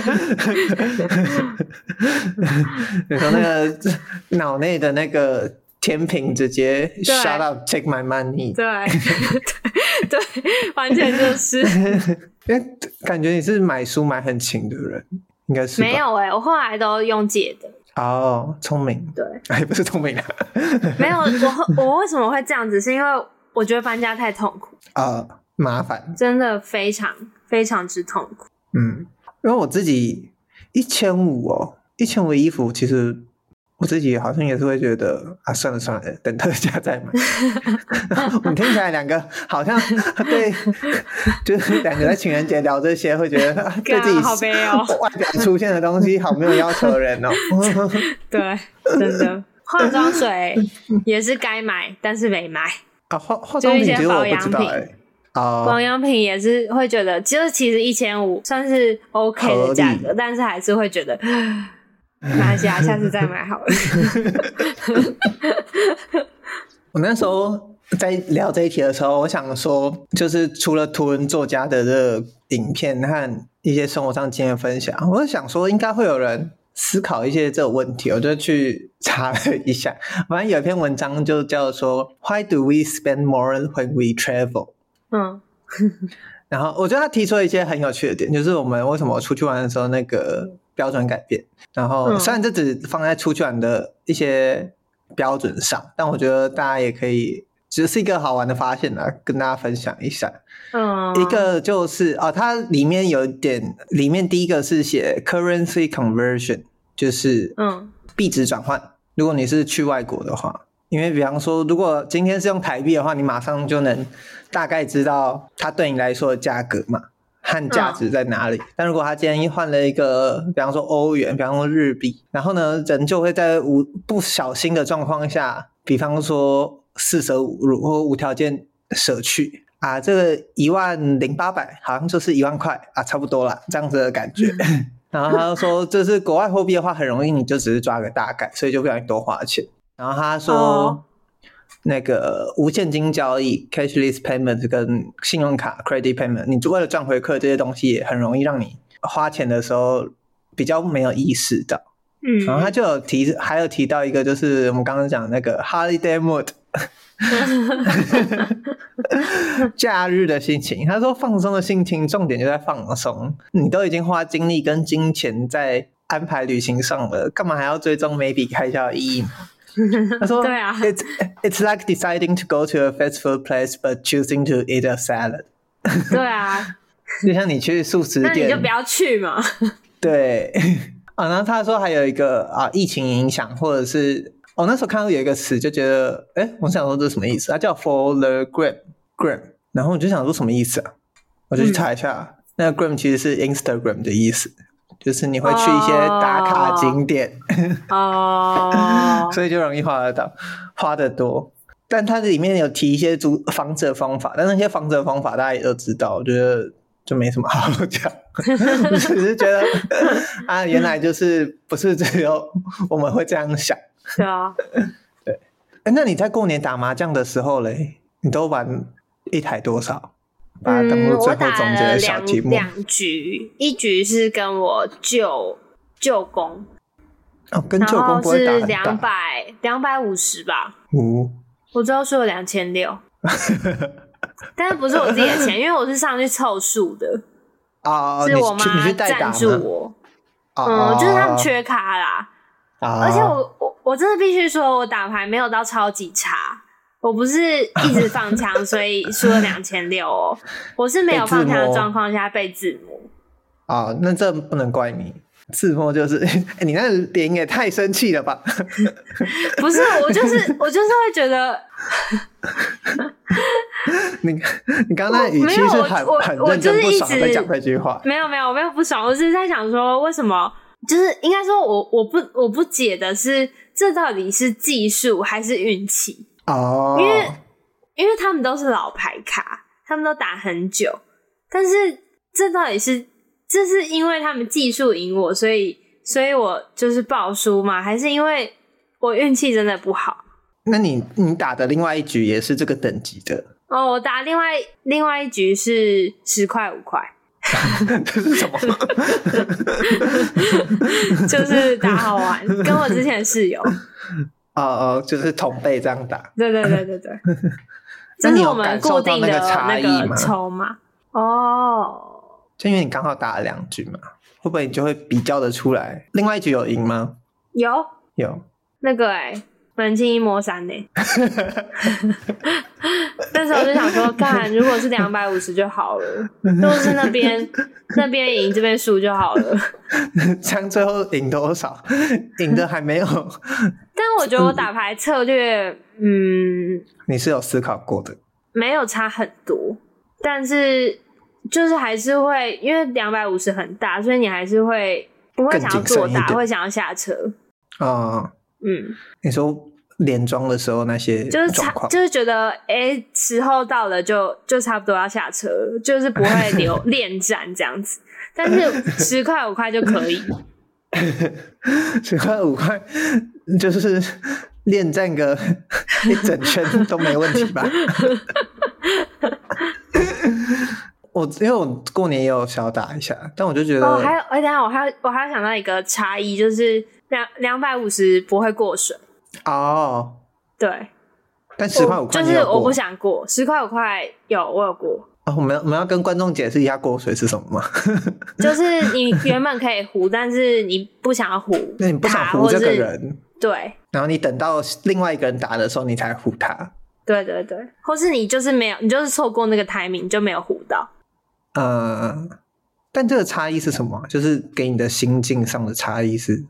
哈哈哈！你 *laughs* 說那個腦內的那個天秤直接刷到 take my money，對對，對，完全就是。因為 *laughs* 感覺你是買書買很勤的人，應該是沒有哎、欸，我後來都用借的。哦，聰明，對，也、哎、不是聰明啊。 *laughs* 沒有，我我為什麼會這樣子？是因為我覺得搬家太痛苦啊，uh, 麻煩，真的非常非常之痛苦。嗯，因為我自己一千五哦，一千五的衣服，其實我自己好像也是會覺得啊，算了算了，等特價再買。 *laughs* *laughs* 我們聽起來兩個好像對，就是感覺在情人節聊這些，會覺得對自己好悲哦。外表出現的東西好沒有要求人哦。 *laughs* *laughs* 對，真的，化妝水也是該買，但是沒買。啊化化妝品，其實我不知道、欸。保養品也是會覺得，就是其實一千五算是 OK 的價格，理但是還是會覺得，那下、啊、 *laughs* 下次再買好了。 *laughs* *laughs* 我那時候在聊這一題的時候，我想說，就是除了圖文作家的這個影片、和一些生活上經驗分享，我想說應該會有人思考一些這個問題，我就去查了一下，反正有一篇文章就叫做 “Why do we spend more when we travel？” 嗯， *laughs* 然後我覺得他提出一些很有趣的點，就是我們為什麼出去玩的時候那個標準改變。然後雖然這只放在出去玩的一些標準上，但我覺得大家也可以，只是一個好玩的發現來、啊、跟大家分享一下。嗯，一個就是啊，它裡面有一點，裡面第一個是寫 currency conversion，就是嗯，幣值轉換。如果你是去外國的話。因為，比方說，如果今天是用台幣的話，你馬上就能大概知道它對你來說的價格嘛和價值在哪裡。但如果它今天一換了一個，比方說歐元，比方說日幣，然後呢，人就會在無不小心的狀況下，比方說四捨五入或無條件捨去啊，這個一萬零八百好像就是一萬塊啊，差不多啦這樣子的感覺。 *laughs* 然後他就說，這是國外貨幣的話，很容易你就只是抓個大概，所以就不讓你多花錢。然後他說，那個無現金交易、oh. （cashless payments） 跟信用卡 （credit payment），你就為了賺回饋這些東西，也很容易讓你花錢的時候比較沒有意識到。嗯，然後他就有提，還有提到一個，就是我們剛剛講那個 “holiday mood”，假日的心情。他說，放鬆的心情，重點就在放鬆。你都已經花精力跟金錢在安排旅行上了，幹嘛還要追蹤每筆開銷的意義？他說：“對啊，it's it's like deciding to go to a fast food place but choosing to eat a salad。”對啊， *laughs* 就像你去素食店，那你就不要去嘛。對啊，哦，然後他說還有一個啊，疫情影響，或者是我那時候看到有一個詞，就覺得哎，欸，我想說這是什麼意思，啊？它叫 for the gram gram，然後我就想說什麼意思啊？我就去查一下，嗯、那個 gram 其實是 Instagram 的意思。就是你會去一些打卡景點，哦，oh. oh. *laughs* 所以就容易花得到，花得多。但它裡面有提一些防折方法，但那些防折方法大家也都知道，我覺得就沒什麼好講，只 *laughs* *laughs* 是覺得啊，原來就是不是只有我們會這樣想，是啊，對。欸，那你在過年打麻將的時候嘞，你都玩一台多少？嗯，我打了兩兩局，一局是跟我舅舅公，哦、跟舅公，然後我是兩百兩百五十吧，五、嗯，我最後輸了兩千六， *laughs* 但是不是我自己的錢，因為我是上去湊數的啊，是我媽贊助我，啊、嗯，就是他們缺咖啦，啊、而且我我我真的必須說，我打牌沒有到超級差。我不是一直放槍， *laughs* 所以輸了兩千六哦。我是沒有放槍的狀況下被自摸被自摸。啊，那這不能怪你，自摸就是。欸，你那臉也太生氣了吧！ *laughs* 不是，我就是我就是會覺得。你你剛剛那語氣是很我我很認真不爽，不爽在講這句話。沒有沒有我沒有不爽，我是在想說為什麼？就是應該說我我不我不解的是這到底是技術還是運氣？哦，因為因為他們都是老牌卡，他們都打很久，但是這到底是這是因為他們技術贏我，所以所以我就是爆輸嘛，還是因為我運氣真的不好？那你你打的另外一局也是這個等級的？哦，我打另外另外一局是十塊五塊， *laughs* 這是什麼？ *laughs* 就是打好玩，跟我之前的室友。哦哦，oh, oh, 就是同輩這樣打， *laughs* 對對對對對，那你有感受到那個差異嗎？這是我們固定的那個籌碼嘛。哦、oh。就因為你剛好打了兩局嘛，會不會你就會比較的出來？另外一局有贏嗎？有有那個哎、欸。門清一摸三呢、欸，但 *laughs* 是我就想說，看如果是兩百五十就好了，都是那邊那邊贏這邊輸就好了。這樣最後贏多少？贏 *laughs* 的還沒有。但我覺得我打牌策略，嗯，嗯，你是有思考過的，沒有差很多，但是就是還是會因為兩百五十很大，所以你還是會不會想要做大，會想要下車啊？哦、嗯，你說。連裝的時候那些就是差，就是覺得誒、欸，時候到了就就差不多要下車，就是不會留戀戰這樣子。 *laughs* 但是十塊五塊就可以，十塊五塊就是戀戰個一整圈都沒問題吧？我因為我過年也有小打一下，但我就覺得、哦、還有哎、欸，等下我還要我還要想到一個差異，就是兩兩百五十不會過水。哦，oh, 對，但十塊五塊就是我不想過，十塊五塊有我有過啊。我們、哦、我們要跟觀眾解釋一下過水是什麼嗎？ *laughs* 就是你原本可以胡，但是你不想要胡，那你不想胡這個人，對。然後你等到另外一個人打的時候，你才胡他。對對對，或是你就是沒有，你就是錯過那個台名你就沒有胡到。呃。但這個差異是什麼？就是給你的心境上的差異是。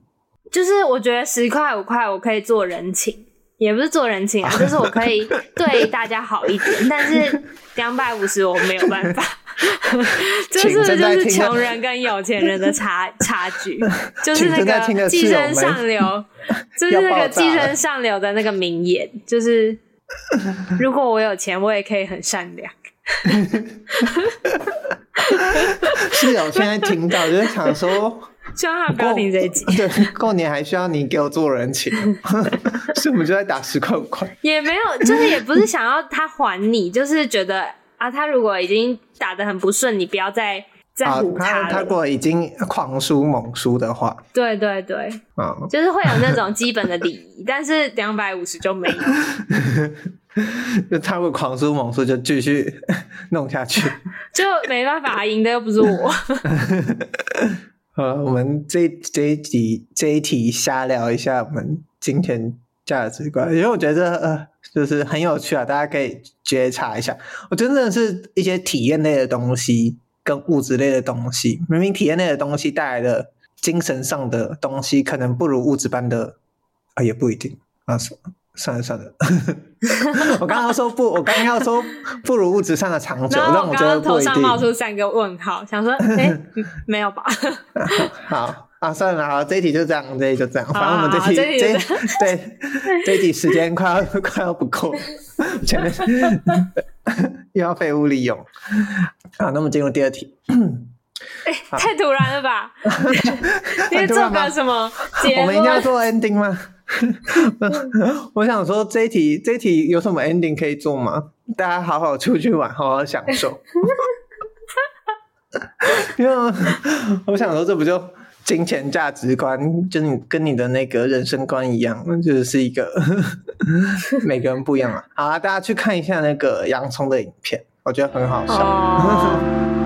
就是我覺得十塊五塊我可以做人情，也不是做人情啊，就是我可以對大家好一點。 *laughs* 但是兩百五十我沒有辦法， *laughs* *laughs* 就是就是窮人跟有錢人的差差距，就是那個寄生上流，就是那個寄生上流的那個名言， *laughs* 炸就是如果我有錢，我也可以很善良。 *laughs* *laughs* 室友現在聽到就是想說。最好不要停這一集過年，對，過年還需要你給我做人情，所以 *laughs* 我們就在打十塊五塊，也沒有，就是也不是想要他還你，就是覺得啊，他如果已經打得很不順，你不要再在乎他，啊、他如果已經狂輸猛輸的話，對對對，哦，就是會有那種基本的禮儀， *laughs* 但是兩百五十就沒有，就他會狂輸猛輸就繼續弄下去，就沒辦法，贏的又不是我。 *laughs* 呃，我們這這一集這一題瞎聊一下，我們金錢價值觀，因為我覺得呃，就是很有趣啊，大家可以覺察一下。我覺得真的是一些體驗類的東西跟物質類的東西，明明體驗類的東西帶來的精神上的東西，可能不如物質般的啊，也不一定啊是什麼。算了算了，我剛剛說不，我剛剛要說不如物質上的長久。那我剛剛頭上冒出三個問號，想說哎，沒有吧？好啊，算了，好，這一題就這樣，這一題就這樣。反正我們這題這對，這題時間快要快要不夠，前面又要廢物利用。好，那麼進入第二題，哎，太突然了吧？你要做個什麼？我們一定要做 ending 嗎？ *laughs* 我想說這一題，這一題有什麼 ending 可以做嗎？大家好好出去玩，好好享受。 *laughs* 因為我想說，這不就金錢價值觀，就你跟你的那個人生觀一樣，就是一個 *laughs* 每個人不一樣啊。好啊，大家去看一下那個洋蔥的影片，我覺得很好笑。Oh.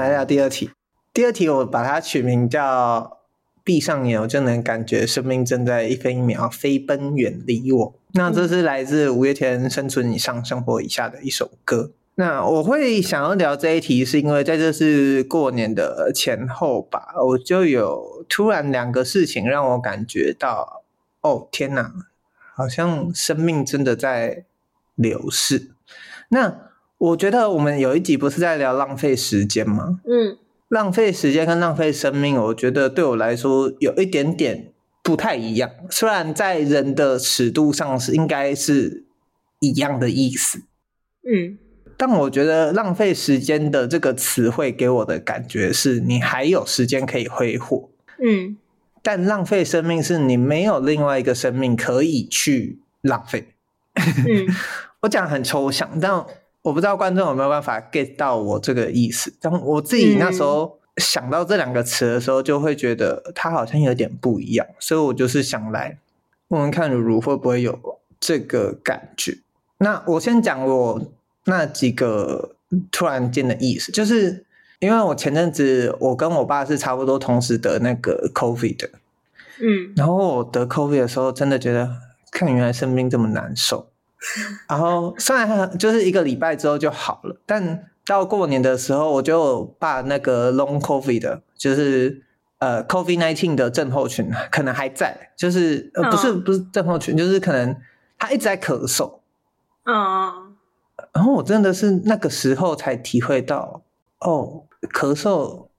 來到第二題，第二題我把它取名叫“閉上眼，我就能感覺生命正在一分一秒飛奔遠離我”嗯。那這是來自五月天《生存以上，生活以下》的一首歌。那我會想要聊這一題，是因為在這是過年的前後吧，我就有突然兩個事情讓我感覺到，哦天哪，好像生命真的在流逝。那我覺得我們有一集不是在聊浪費時間嗎？嗯，浪費時間跟浪費生命，我覺得對我來說有一點點不太一樣。雖然在人的尺度上是應該是一樣的意思，嗯，但我覺得浪費時間的這個詞彙給我的感覺是，你還有時間可以揮霍，嗯，但浪費生命是你沒有另外一個生命可以去浪費。嗯， *laughs* 我講很抽象，但。我不知道觀眾有沒有辦法 get 到我這個意思，但我自己那時候想到這兩個詞的時候，就會覺得它好像有點不一樣，所以我就是想來問問看茹茹會不會有這個感覺。那我先講我那幾個突然間的意思，就是因為我前陣子我跟我爸是差不多同時得那個 COVID 的，嗯，然後我得 COVID 的時候，真的覺得看原來生病這麼難受。 *laughs* 然後雖然就是一個禮拜之後就好了，但到過年的時候，我就把那個 long COVID 的，就是呃 COVID-19 的症候群可能還在，就是呃不是、oh. 不是症候群，就是可能他一直在咳嗽。嗯，oh. 然後我真的是那個時候才體會到哦，oh, 咳嗽。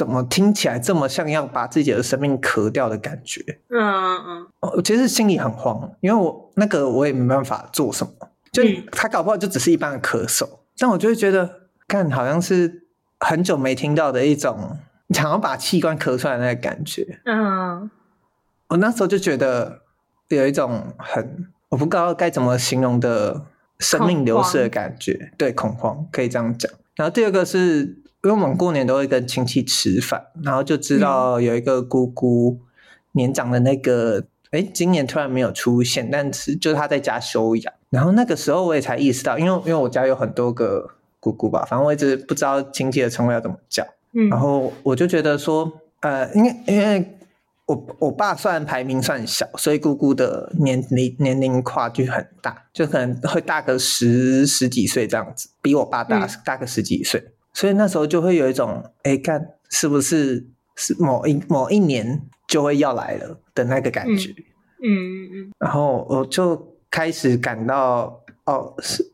怎麼聽起來這麼像要把自己的生命咳掉的感覺？嗯嗯，我其實心裡很慌，因為我那個我也沒辦法做什麼，就他、嗯、搞不好就只是一般的咳嗽，但我就會覺得看好像是很久沒聽到的一種想要把器官咳出來的那個感覺。嗯，我那時候就覺得有一種很我不知道該怎麼形容的生命流逝的感覺，恐慌，對，恐慌可以這樣講。然後第二個是。因為我們過年都會跟親戚吃飯，然後就知道有一個姑姑，年長的那個，哎、嗯，今年突然沒有出現，但是就是她在家休養。然後那個時候我也才意識到，因為因為我家有很多個姑姑吧，反正我一直不知道親戚的稱謂要怎麼叫。嗯，然後我就覺得說，呃，因為因為我我爸算排名算小，所以姑姑的年,年齡年齡跨度很大，就可能會大個十十幾歲這樣子，比我爸大、嗯、大個十幾歲。所以那時候就會有一種，哎、欸，幹，是不是是某一某一年就會要來了的那個感覺，嗯嗯嗯。嗯，然後我就開始感到，哦，是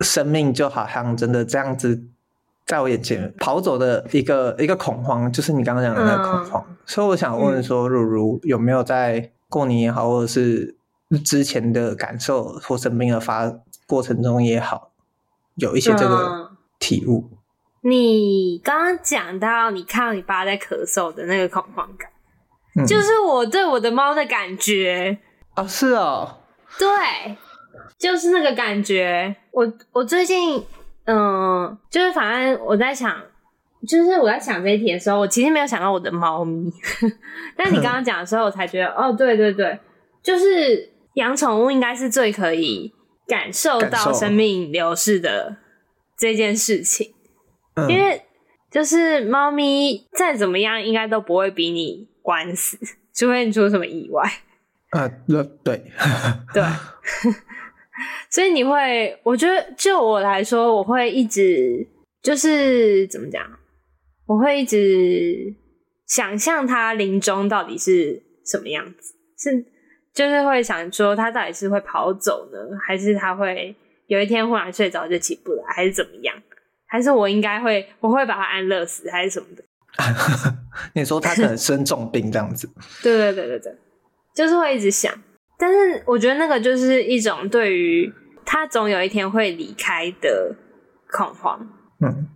生命就好像真的這樣子在我眼前跑走的一個一個恐慌，就是你剛剛講的那個恐慌。嗯、所以我想問說，茹茹有沒有在過年也好，或者是之前的感受或生命的發過程中也好，有一些這個體悟？你剛剛講到你看到你爸在咳嗽的那個恐慌感，嗯、就是我對我的貓的感覺啊，是哦，對，就是那個感覺。我我最近嗯、呃，就是反正我在想，就是我在想這一題的時候，我其實沒有想到我的貓咪。 *laughs* 但你剛剛講的時候，我才覺得、嗯、哦，對對對，就是養寵物應該是最可以感受到生命流逝的這件事情。因為就是貓咪再怎麼樣，應該都不會比你關死，除非你出什麼意外啊。對對， *laughs* 所以你會，我覺得就我來說，我會一直就是怎麼講，我會一直想象它臨終到底是什麼樣子，是就是會想說它到底是會跑走呢，還是它會有一天忽然睡着就起不來，還是怎麼樣？還是我應該會，我會把他安樂死，還是什麼的？ *laughs* 你說他可能生重病這樣子？對 *laughs* 對對對對，就是會一直想。但是我覺得那個就是一種對於他總有一天會離開的恐慌。嗯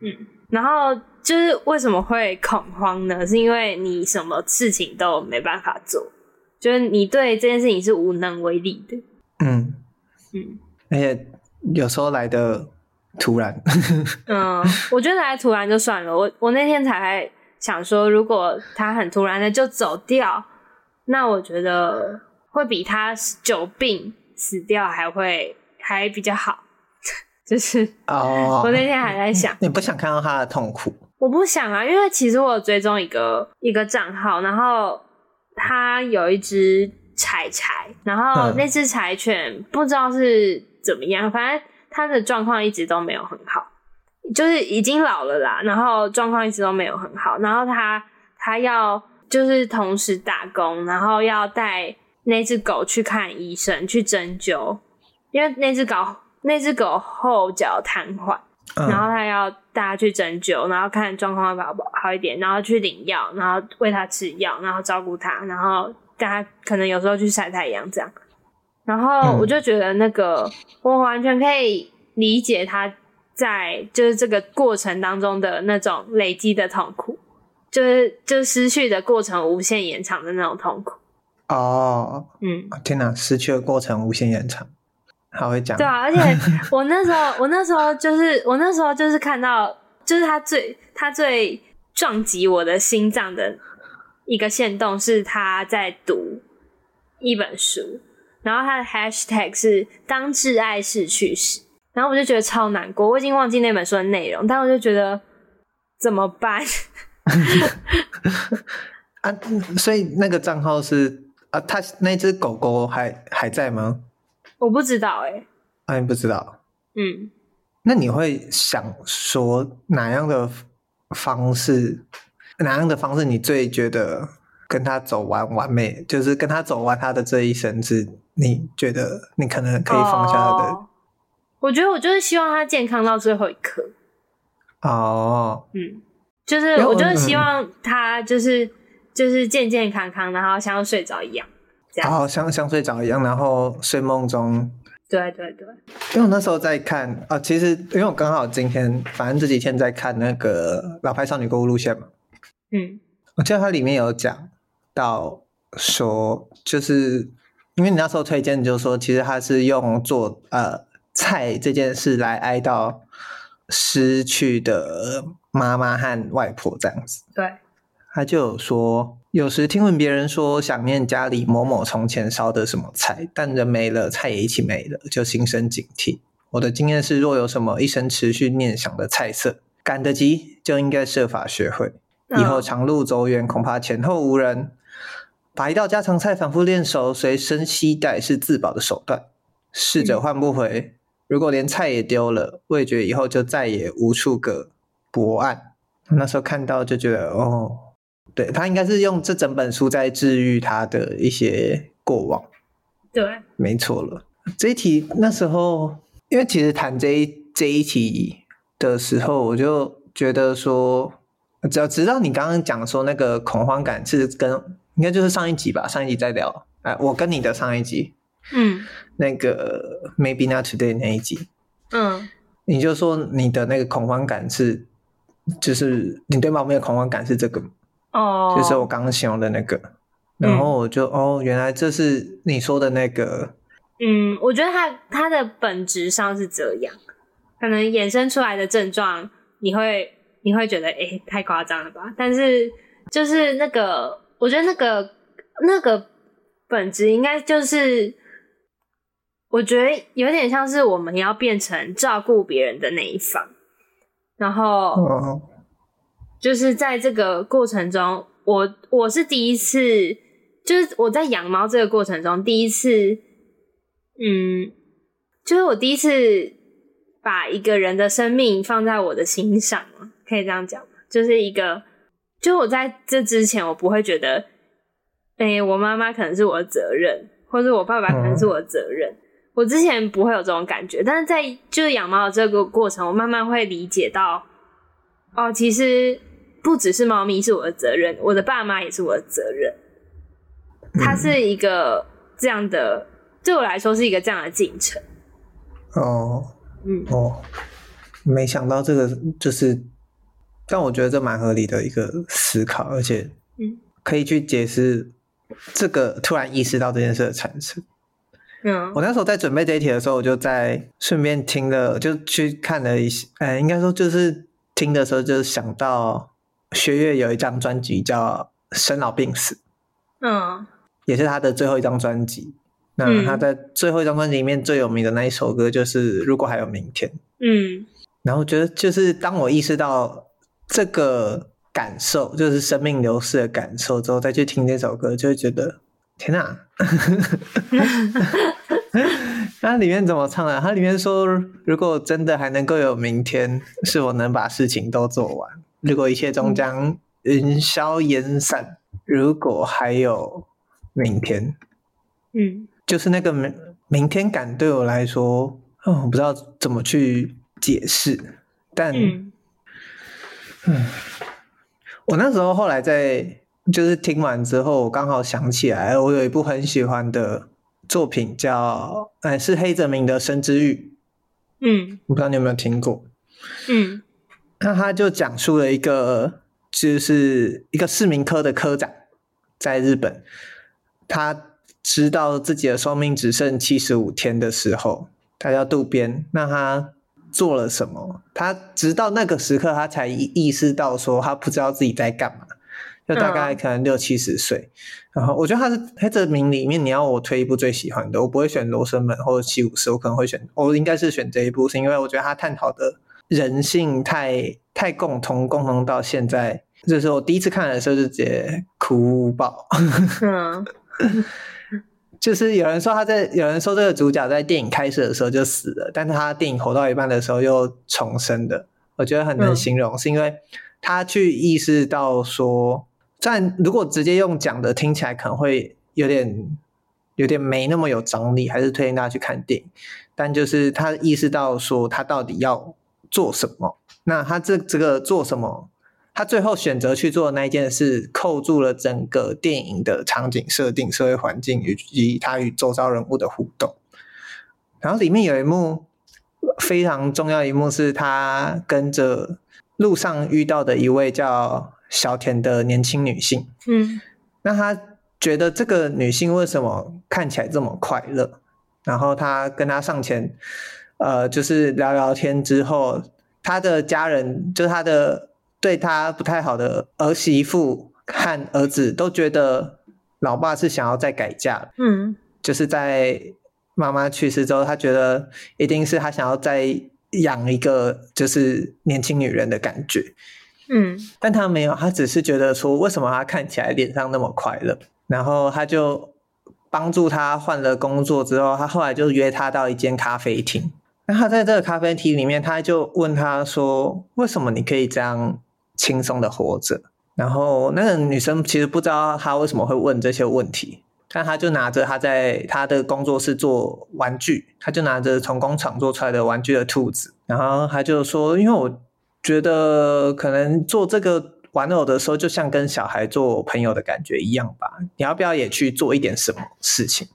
嗯。然後就是為什麼會恐慌呢？是因為你什麼事情都沒辦法做，就是你對這件事情是無能為力的。嗯嗯。嗯。而且有時候來的。突然， *laughs* 嗯，我覺得還突然就算了。我我那天才想說，如果他很突然的就走掉，那我覺得會比他久病死掉還會還比較好。 *laughs* 就是，哦，oh, 我那天還在想你，你不想看到他的痛苦？我不想啊，因為其實我有追蹤一個一個賬號，然後他有一只柴柴，然後那只柴犬不知道是怎麼樣，嗯、反正。他的狀況一直都沒有很好，就是已經老了啦，然後狀況一直都沒有很好。然後他他要就是同時打工，然後要帶那隻狗去看醫生，去針灸，因為那隻狗那隻狗後腳癱瘓，嗯、然後他要帶他去針灸，然後看狀況好不好好一點，然後去領藥，然後餵他吃藥，然後照顧他，然後帶他可能有時候去曬太陽這樣。然後我就覺得那個，嗯、我完全可以理解他在就是這個過程當中的那種累積的痛苦，就是就失去的過程無限延長的那種痛苦。哦，嗯，天哪，失去的過程無限延長，好會講。對啊，而且我那時候， *laughs* 我那時候就是我那時候就是看到，就是他最他最撞擊我的心臟的一個行動是他在讀一本書。然後他的 hashtag 是當摯愛逝去時，然後我就覺得超難過。我已經忘記那本書的內容，但我就覺得怎麼辦？ *laughs* 啊，所以那個賬號是啊，他那只狗狗還還在嗎？我不知道誒、欸、哎，啊、不知道。嗯，那你會想說哪樣的方式？哪樣的方式你最覺得？跟他走完完美，就是跟他走完他的這一生，是你覺得你可能可以放下他的？哦。我覺得我就是希望他健康到最後一刻。哦，嗯，就是我就是希望他就是、嗯、就是健健康康，然後像要睡着一樣，然後、哦、像像睡着一樣，然後睡夢中。對對對，因為我那時候在看啊、哦，其實因為我剛好今天反正這幾天在看那個《老派少女購物路線》嘛，嗯，我記得它裡面有講。到說就是因為你那時候推薦，你就說其實他是用做呃菜這件事來哀悼失去的媽媽和外婆這樣子。對，他就有說，有時聽聞別人說想念家裡某某從前燒的什麼菜，但人沒了，菜也一起沒了，就心生警惕。我的經驗是，若有什麼一生持續念想的菜色，趕得及就應該設法學會，以後長路走遠，恐怕前後無人。把一道家常菜反覆練熟，隨身攜帶是自保的手段。逝者換不回，嗯、如果連菜也丟了，味覺以後就再也無處可泊岸。那時候看到就覺得，哦，對，他應該是用這整本書在治癒他的一些過往。對，沒錯了。這一題那時候，因為其實談這一這一題的時候，我就覺得說，只要知道你剛剛講說那個恐慌感是跟。應該就是上一集吧，上一集在聊哎，我跟你的上一集，嗯，那個 maybe not today 那一集，嗯，你就說你的那個恐慌感是，就是你對貓咪的恐慌感是這個，哦，就是我剛剛形容的那個，然後我就、嗯、哦，原來這是你說的那個，嗯，我覺得它它的本質上是這樣，可能衍生出來的症狀，你會你會覺得哎、欸，太誇張了吧，但是就是那個。我覺得那個那個本質應該就是，我覺得有點像是我們要變成照顧別人的那一方，然後，就是在這個過程中，我我是第一次，就是我在養貓這個過程中第一次，嗯，就是我第一次把一個人的生命放在我的心上，可以這樣講，就是一個。就我在這之前，我不會覺得，欸，我媽媽可能是我的責任，或者我爸爸可能是我的責任。嗯、我之前不會有這種感覺，但是在就是養貓的這個過程，我慢慢會理解到，喔，其實不只是貓咪是我的責任，我的爸媽也是我的責任。嗯、它是一個這樣的，對我來說是一個這樣的進程。哦，嗯，哦，沒想到這個就是。但我覺得這蠻合理的一個思考，而且嗯，可以去解釋這個突然意識到這件事的產生。嗯，我那時候在準備這一題的時候，我就在順便聽了，就去看了一些，哎，應該說就是聽的時候就想到薛岳有一張專輯叫《生老病死》，嗯，也是他的最後一張專輯。那他在最後一張專輯裡面最有名的那一首歌就是《如果還有明天》。嗯，然後我覺得就是當我意識到。這個感受就是生命流逝的感受，之後再去聽這首歌，就會覺得天哪！ *laughs* *laughs* *laughs* 它裡面怎麼唱啊？它裡面說：“如果真的還能夠有明天，是否能把事情都做完？如果一切終將雲消煙散，如果還有明天，嗯，就是那個明明天感對我來說，嗯、哦，我不知道怎麼去解釋，但、嗯。”嗯，我那時候後來在就是聽完之後，我剛好想起來，我有一部很喜歡的作品叫哎，是黑澤明的深玉《生之欲》。嗯，我不知道你有沒有聽過。嗯，那他就講述了一個，就是一個市民科的科長在日本，他知道自己的壽命只剩七十五天的時候，他叫渡邊，那他。做了什麼？他直到那個時刻，他才意、意識到說他不知道自己在幹嘛，就大概可能六七十歲。然後、嗯嗯、我覺得他是黑澤明裡面你要我推一部最喜歡的，我不會選羅生門或者七武士，我可能會選。我應該是選這一部，是因為我覺得他探討的人性太太共同共同到現在，就是我第一次看的時候就覺得哭爆。 *laughs* 就是有人說他在有人說這個主角在電影開始的時候就死了，但是他電影活到一半的時候又重生的，我覺得很難形容，嗯、是因為他去意識到說，雖然如果直接用講的聽起來可能會有點有點沒那麼有張力，還是推薦大家去看電影。但就是他意識到說他到底要做什麼，那他這這個做什麼？他最後選擇去做那一件事，扣住了整個電影的場景設定、社會環境以及他與周遭人物的互動。然後裡面有一幕非常重要，一幕是他跟着路上遇到的一位叫小田的年輕女性。嗯，那他覺得這個女性為什麼看起來這麼快樂？然後他跟他上前，呃，就是聊聊天之後，他的家人就是他的。對他不太好的兒媳婦和兒子都覺得，老爸是想要再改嫁。嗯，就是在媽媽去世之後，他覺得一定是他想要再養一個，就是年輕女人的感覺。嗯，但他沒有，他只是覺得說，為什麼他看起來臉上那麼快樂？然後他就幫助他換了工作之後，他後來就約他到一間咖啡廳。那他在這個咖啡廳裡面，他就問他說，為什麼你可以這樣？輕鬆的活着，然後那個女生其實不知道她為什麼會問這些問題，但她就拿着她在她的工作室做玩具，她就拿着從工廠做出來的玩具的兔子，然後她就說：“因為我覺得可能做這個玩偶的時候，就像跟小孩做朋友的感覺一樣吧，你要不要也去做一點什麼事情？”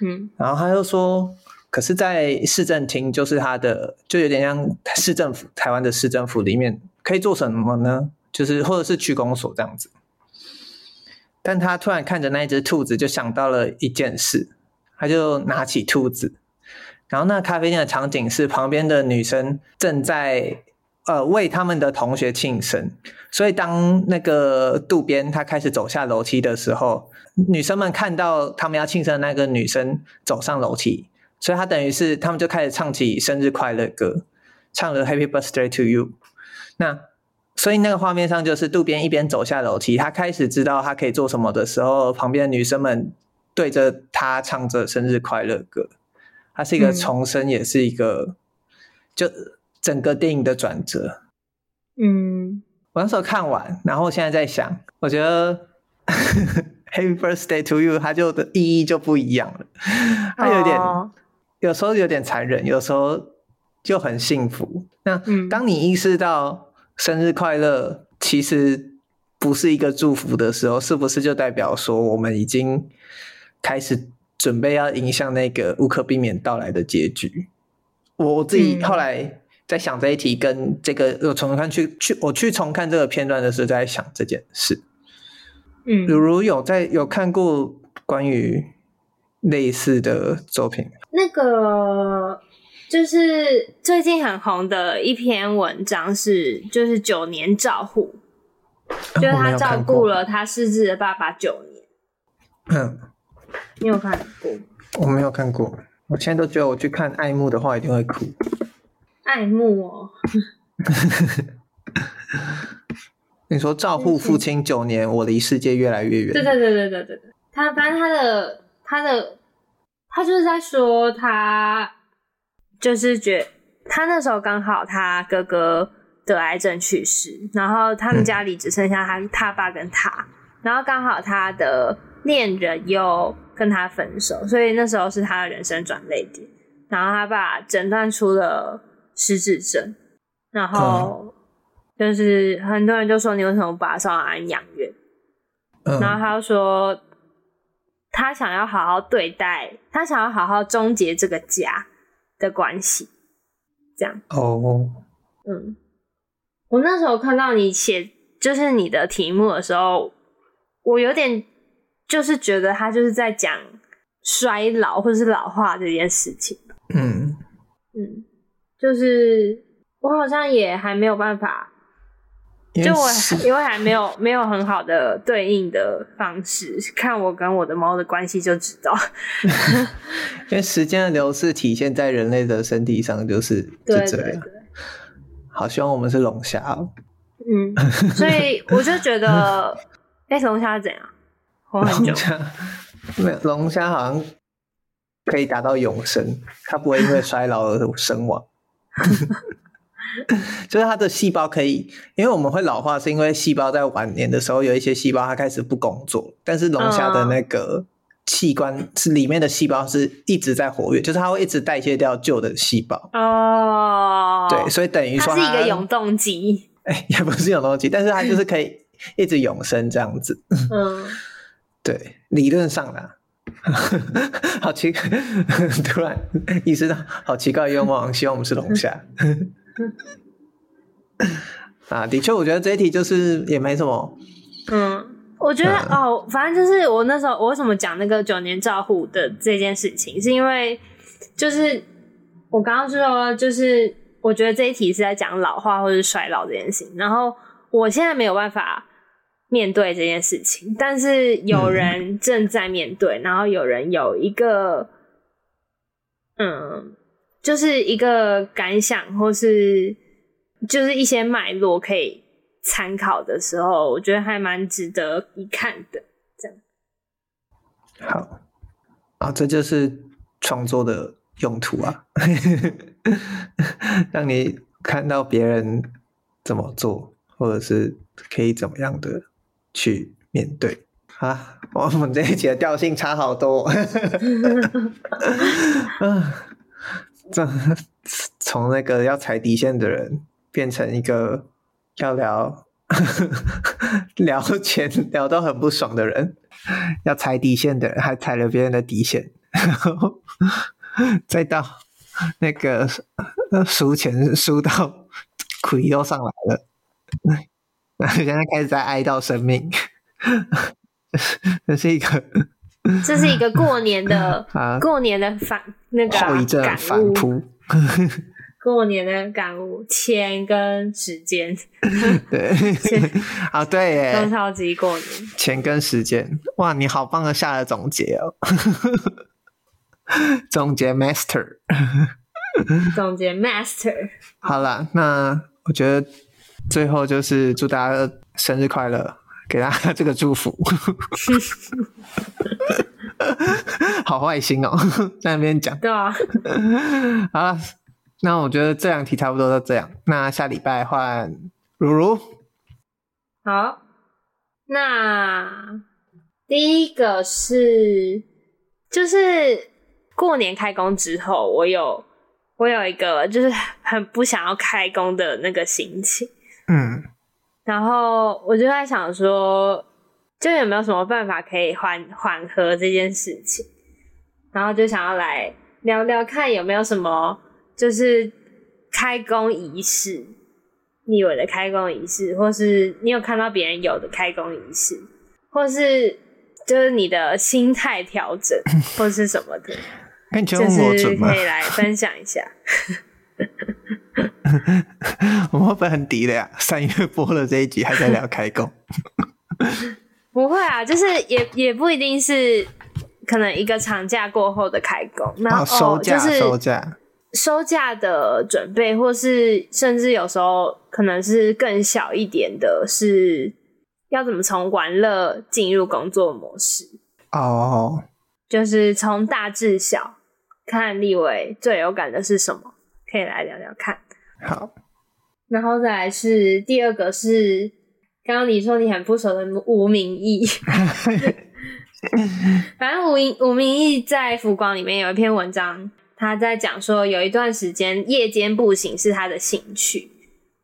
嗯，然後她就說：“可是，在市政廳，就是她的，就有點像市政府，台灣的市政府裡面。”可以做什麼呢？就是或者是去公所這樣子。但他突然看着那只兔子，就想到了一件事，他就拿起兔子。然後那咖啡店的場景是旁邊的女生正在呃為他們的同學慶生，所以當那個渡邊他開始走下樓梯的時候，女生們看到他們要慶生的那個女生走上樓梯，所以他等於是他們就開始唱起生日快樂歌，唱了 Happy Birthday to You。那，所以那個畫面上就是渡邊一邊走下樓梯，他開始知道他可以做什麼的時候，旁邊的女生們對着他唱着生日快樂歌。他是一個重生，嗯、也是一個就整個電影的轉折。嗯，我那時候看完，然後現在在想，我覺得《 *laughs* Happy Birthday to You》他就的意義就不一樣了。他有點，哦、有時候有點殘忍，有時候。就很幸福。那當你意識到“生日快樂”嗯、其實不是一個祝福的時候，是不是就代表說我們已經開始準備要迎向那個無可避免到來的結局？我自己後來在想這一題跟這個，嗯、我重看去去，我去重看這個片段的時候在想這件事。嗯，茹茹有在有看過關於類似的作品，那個。就是最近很紅的一篇文章是，就是九年照護，嗯、就是他照顧了他失智的爸爸九年。嗯、你有看過？我沒有看過。我現在都覺得我去看愛慕的話一定會哭。愛慕、喔？哦， *laughs* 你說照護父親九年，嗯嗯，我離世界越來越遠。對對對對對對對。他反正他的他的他就是在說他。就是覺他那時候剛好他哥哥得癌症去世，然後他們家裡只剩下他、嗯、他爸跟他，然後剛好他的戀人又跟他分手，所以那時候是他的人生轉捩點。然後他爸診斷出了失智症，然後就是很多人就說你為什麼不把他送到安養院？然後他就說他想要好好對待，他想要好好終結這個家。的關係，這樣哦，oh. 嗯，我那時候看到你寫就是你的題目的時候，我有點就是覺得他就是在講衰老或者是老化這件事情，嗯、oh. 嗯，就是我好像也還沒有辦法。就我因為還沒有沒有很好的對應的方式，看我跟我的貓的關係就知道。 *laughs* 因為時間的流逝體現在人類的身體上，就是對對對就這樣。好，希望我們是龍蝦哦。嗯，所以我就覺得，哎、 *laughs* 欸，龍蝦怎樣？龍蝦，龍蝦好像可以達到永生，它不會因為衰老而身亡。 *laughs* *laughs* 就是它的細胞可以，因為我們會老化，是因為細胞在晚年的時候有一些細胞它開始不工作。但是龍蝦的那個器官是裡面的細胞是一直在活躍，就是它會一直代謝掉舊的細胞。哦，對，所以等於說它是一個永動機。哎，也不是永動機，但是它就是可以一直永生這樣子。嗯， *laughs* 對，理論上的。好奇，突然意識到好奇怪的願望，希望我們是龍蝦。嗯、啊，的確，我覺得這一題就是也沒什麼。嗯，我覺得、嗯、哦，反正就是我那時候我為什麼講那個九年照護的這件事情，是因為就是我剛剛就說，就是我覺得這一題是在講老化或者衰老這件事情。然後我現在沒有辦法面對這件事情，但是有人正在面對，嗯、然後有人有一個，嗯。就是一個感想，或是就是一些脈絡可以參考的時候，我覺得還蠻值得一看的。這樣，好啊，這就是創作的用途啊， *laughs* 讓你看到別人怎麼做，或者是可以怎麼樣的去面對。啊，我們這一集的調性差好多。 *laughs* *laughs* 這從那個要踩底線的人，變成一個要聊 *laughs* 聊錢聊到很不爽的人， *laughs* 要踩底線的人還踩了別人的底線，然後再到那個輸錢輸到苦又上來了，然後現在開始在哀悼生命， *laughs* 這是一個。這是一個過年的好過年的反那個，啊，反撲，感悟，過年的感悟，錢跟時間，對，啊錢對耶，都超級過年，錢跟時間，哇，你好棒的下的總結哦， *laughs* 總結 master， *laughs* 總結 master，好了，那我覺得最後就是祝大家生日快樂。給他這個祝福， *laughs* *laughs* 好壞心哦，喔，在那邊講。對啊，好了，那我覺得這兩題差不多都這樣。那下禮拜換茹茹。好，那第一個是，就是過年開工之後，我有我有一個，就是很不想要開工的那個心情。嗯。然後我就在想說，就有沒有什麼辦法可以緩緩和這件事情？然後就想要來聊聊看有沒有什麼，就是開工儀式，你有的開工儀式，或是你有看到別人有的開工儀式，或是就是你的心態調整， *laughs* 或是什麼的， *laughs* 就是可以來分享一下。 *laughs* *laughs* 我們會不會很低的呀，三月播了這一集，還在聊開工？ *laughs* 不會啊，就是也也不一定是可能一個長假過後的開工，那收假收假收假的準備，或是甚至有時候可能是更小一點的是，是要怎麼從玩樂進入工作模式？哦，就是從大至小看力瑋最有感的是什麼？可以來聊聊看。好，然後再來是第二個是，剛剛你說你很不熟的吳明益。 *laughs* *laughs* 反正吳明吳明益在《浮光》裡面有一篇文章，他在講說，有一段時間夜間步行是他的興趣。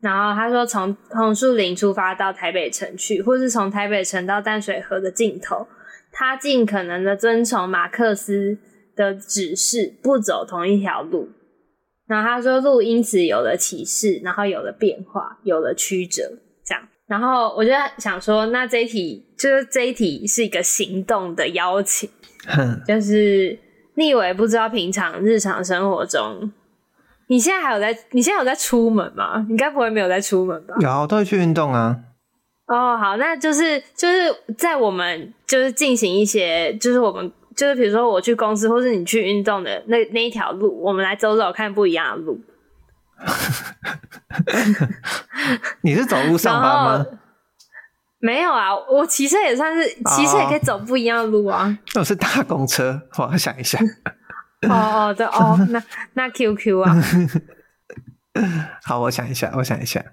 然後他說，從紅樹林出發到台北城去，或是從台北城到淡水河的盡頭，他盡可能的遵從馬克思的指示，不走同一條路。然後他說，路因此有了啟示，然後有了變化，有了曲折，這樣。然後我就想說，那這一題就是這一題是一個行動的邀請，嗯、就是力瑋不知道平常日常生活中，你現在還有在你現在有在出門嗎？你該不會沒有在出門吧？有，都會去運動啊。哦，oh, 好，那就是就是在我們就是進行一些就是我們。就是比如說我去公司，或是你去運動的那那一條路，我們來走走看不一樣的路。 *laughs* 你是走路上班嗎？沒有啊，我騎車也算是，騎車也可以走不一樣的路啊。那、哦哦、是大公車，我要想一下。 *laughs* 哦哦對哦，那那 QQ 啊。 *laughs* 好，我想一下，我想一下。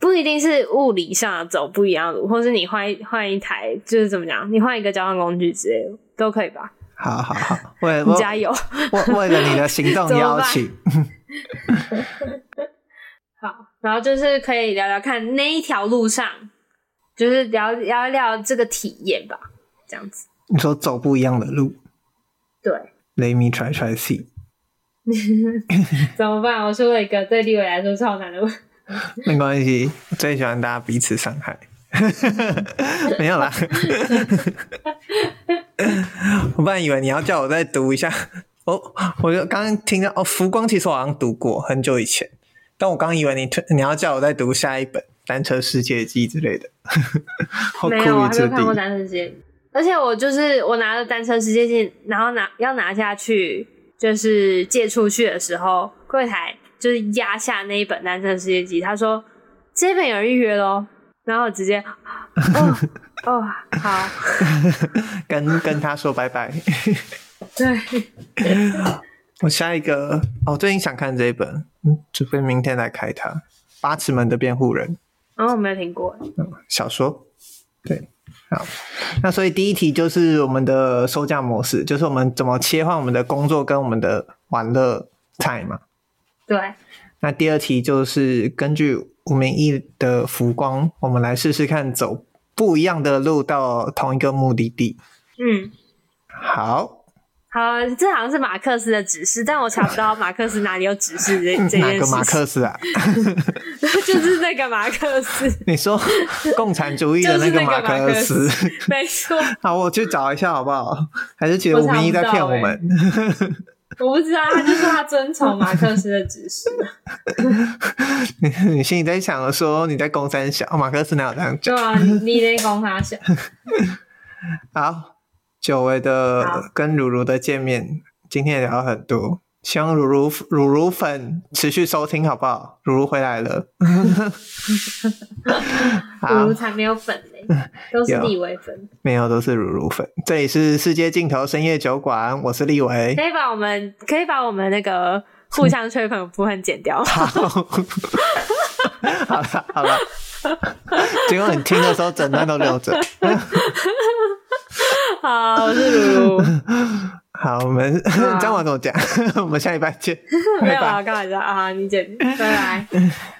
不一定是物理上走不一樣的路，或是你換換一台，就是怎麼講，你換一個交通工具之類的都可以吧。好好好，為我你加油為，為了你的行動邀請。 *laughs* 好，然後就是可以聊聊看那一條路上，就是聊聊一聊這個體驗吧，這樣子。你說走不一樣的路，對，Let me try try see。 *laughs* 怎麼辦？我出了一個對力瑋來說超難的問題。沒關係，我最喜歡大家彼此傷害。 *laughs* 沒有啦。 *laughs* *laughs* *laughs* 我本來以為你要叫我再讀一下，哦，我就剛剛聽到哦，《浮光》其實我好像讀過很久以前，但我剛以為你，你要叫我再讀下一本單《 *laughs* 單，車就是、單車世界記》之類的。沒有，我沒有看過《單車世界》，而且我就是我拿了《單車世界記》，然後拿要拿下去，就是借出去的時候，櫃檯就是壓下那一本《單車世界記》，他說：“這本有人預約咯。”然後我直接。哦 *laughs* 哦，oh, 好，啊，跟跟他說拜拜。 *laughs* 對，我下一個哦，最近想看這一本，嗯，準備明天來開它，《八尺門的辯護人》。哦，沒有聽過。嗯，小說。對，好。那所以第一題就是我們的收假模式，就是我們怎麼切換我們的工作跟我們的玩樂 time 嘛？對。那第二題就是根據吳明益的《浮光》，我們來試試看走。不一樣的路到同一個目的地。嗯，好，好，這好像是馬克思的指示，但我查不到馬克思哪裡有指示這這件事。哪個馬克思啊？ *laughs* 就是那個馬克思。你說共產主義的那個馬克思，沒錯。 *laughs* 好，我去找一下，好不好？還是覺得吳明義在騙我們。我我不知道，他就是他遵從馬克思的指示、啊。 *laughs* 你心裡在想說，你在公三小、哦，馬克思哪有這樣講？對啊，你在公三小。 *laughs* 好，久違的跟茹茹的見面，好今天也聊了很多。希望茹茹茹茹粉持續收聽，好不好？茹茹回來了， *laughs* 好 *laughs* 茹茹才沒有粉呢、欸，都是力瑋粉，沒有，都是茹茹粉。這裡是世界盡頭深夜酒館，我是力瑋。可以把我們可以把我們那個互相吹捧的部分剪掉。 *laughs* 好，好了好了，結 *laughs* 果你聽的時候整段都留着。 *laughs* 好，我是茹茹。好，我們張、啊、王跟我講？ *laughs* 我們下禮拜見。 *laughs* 沒有啊啦，剛才知道，啊，你姐，拜拜。 *laughs*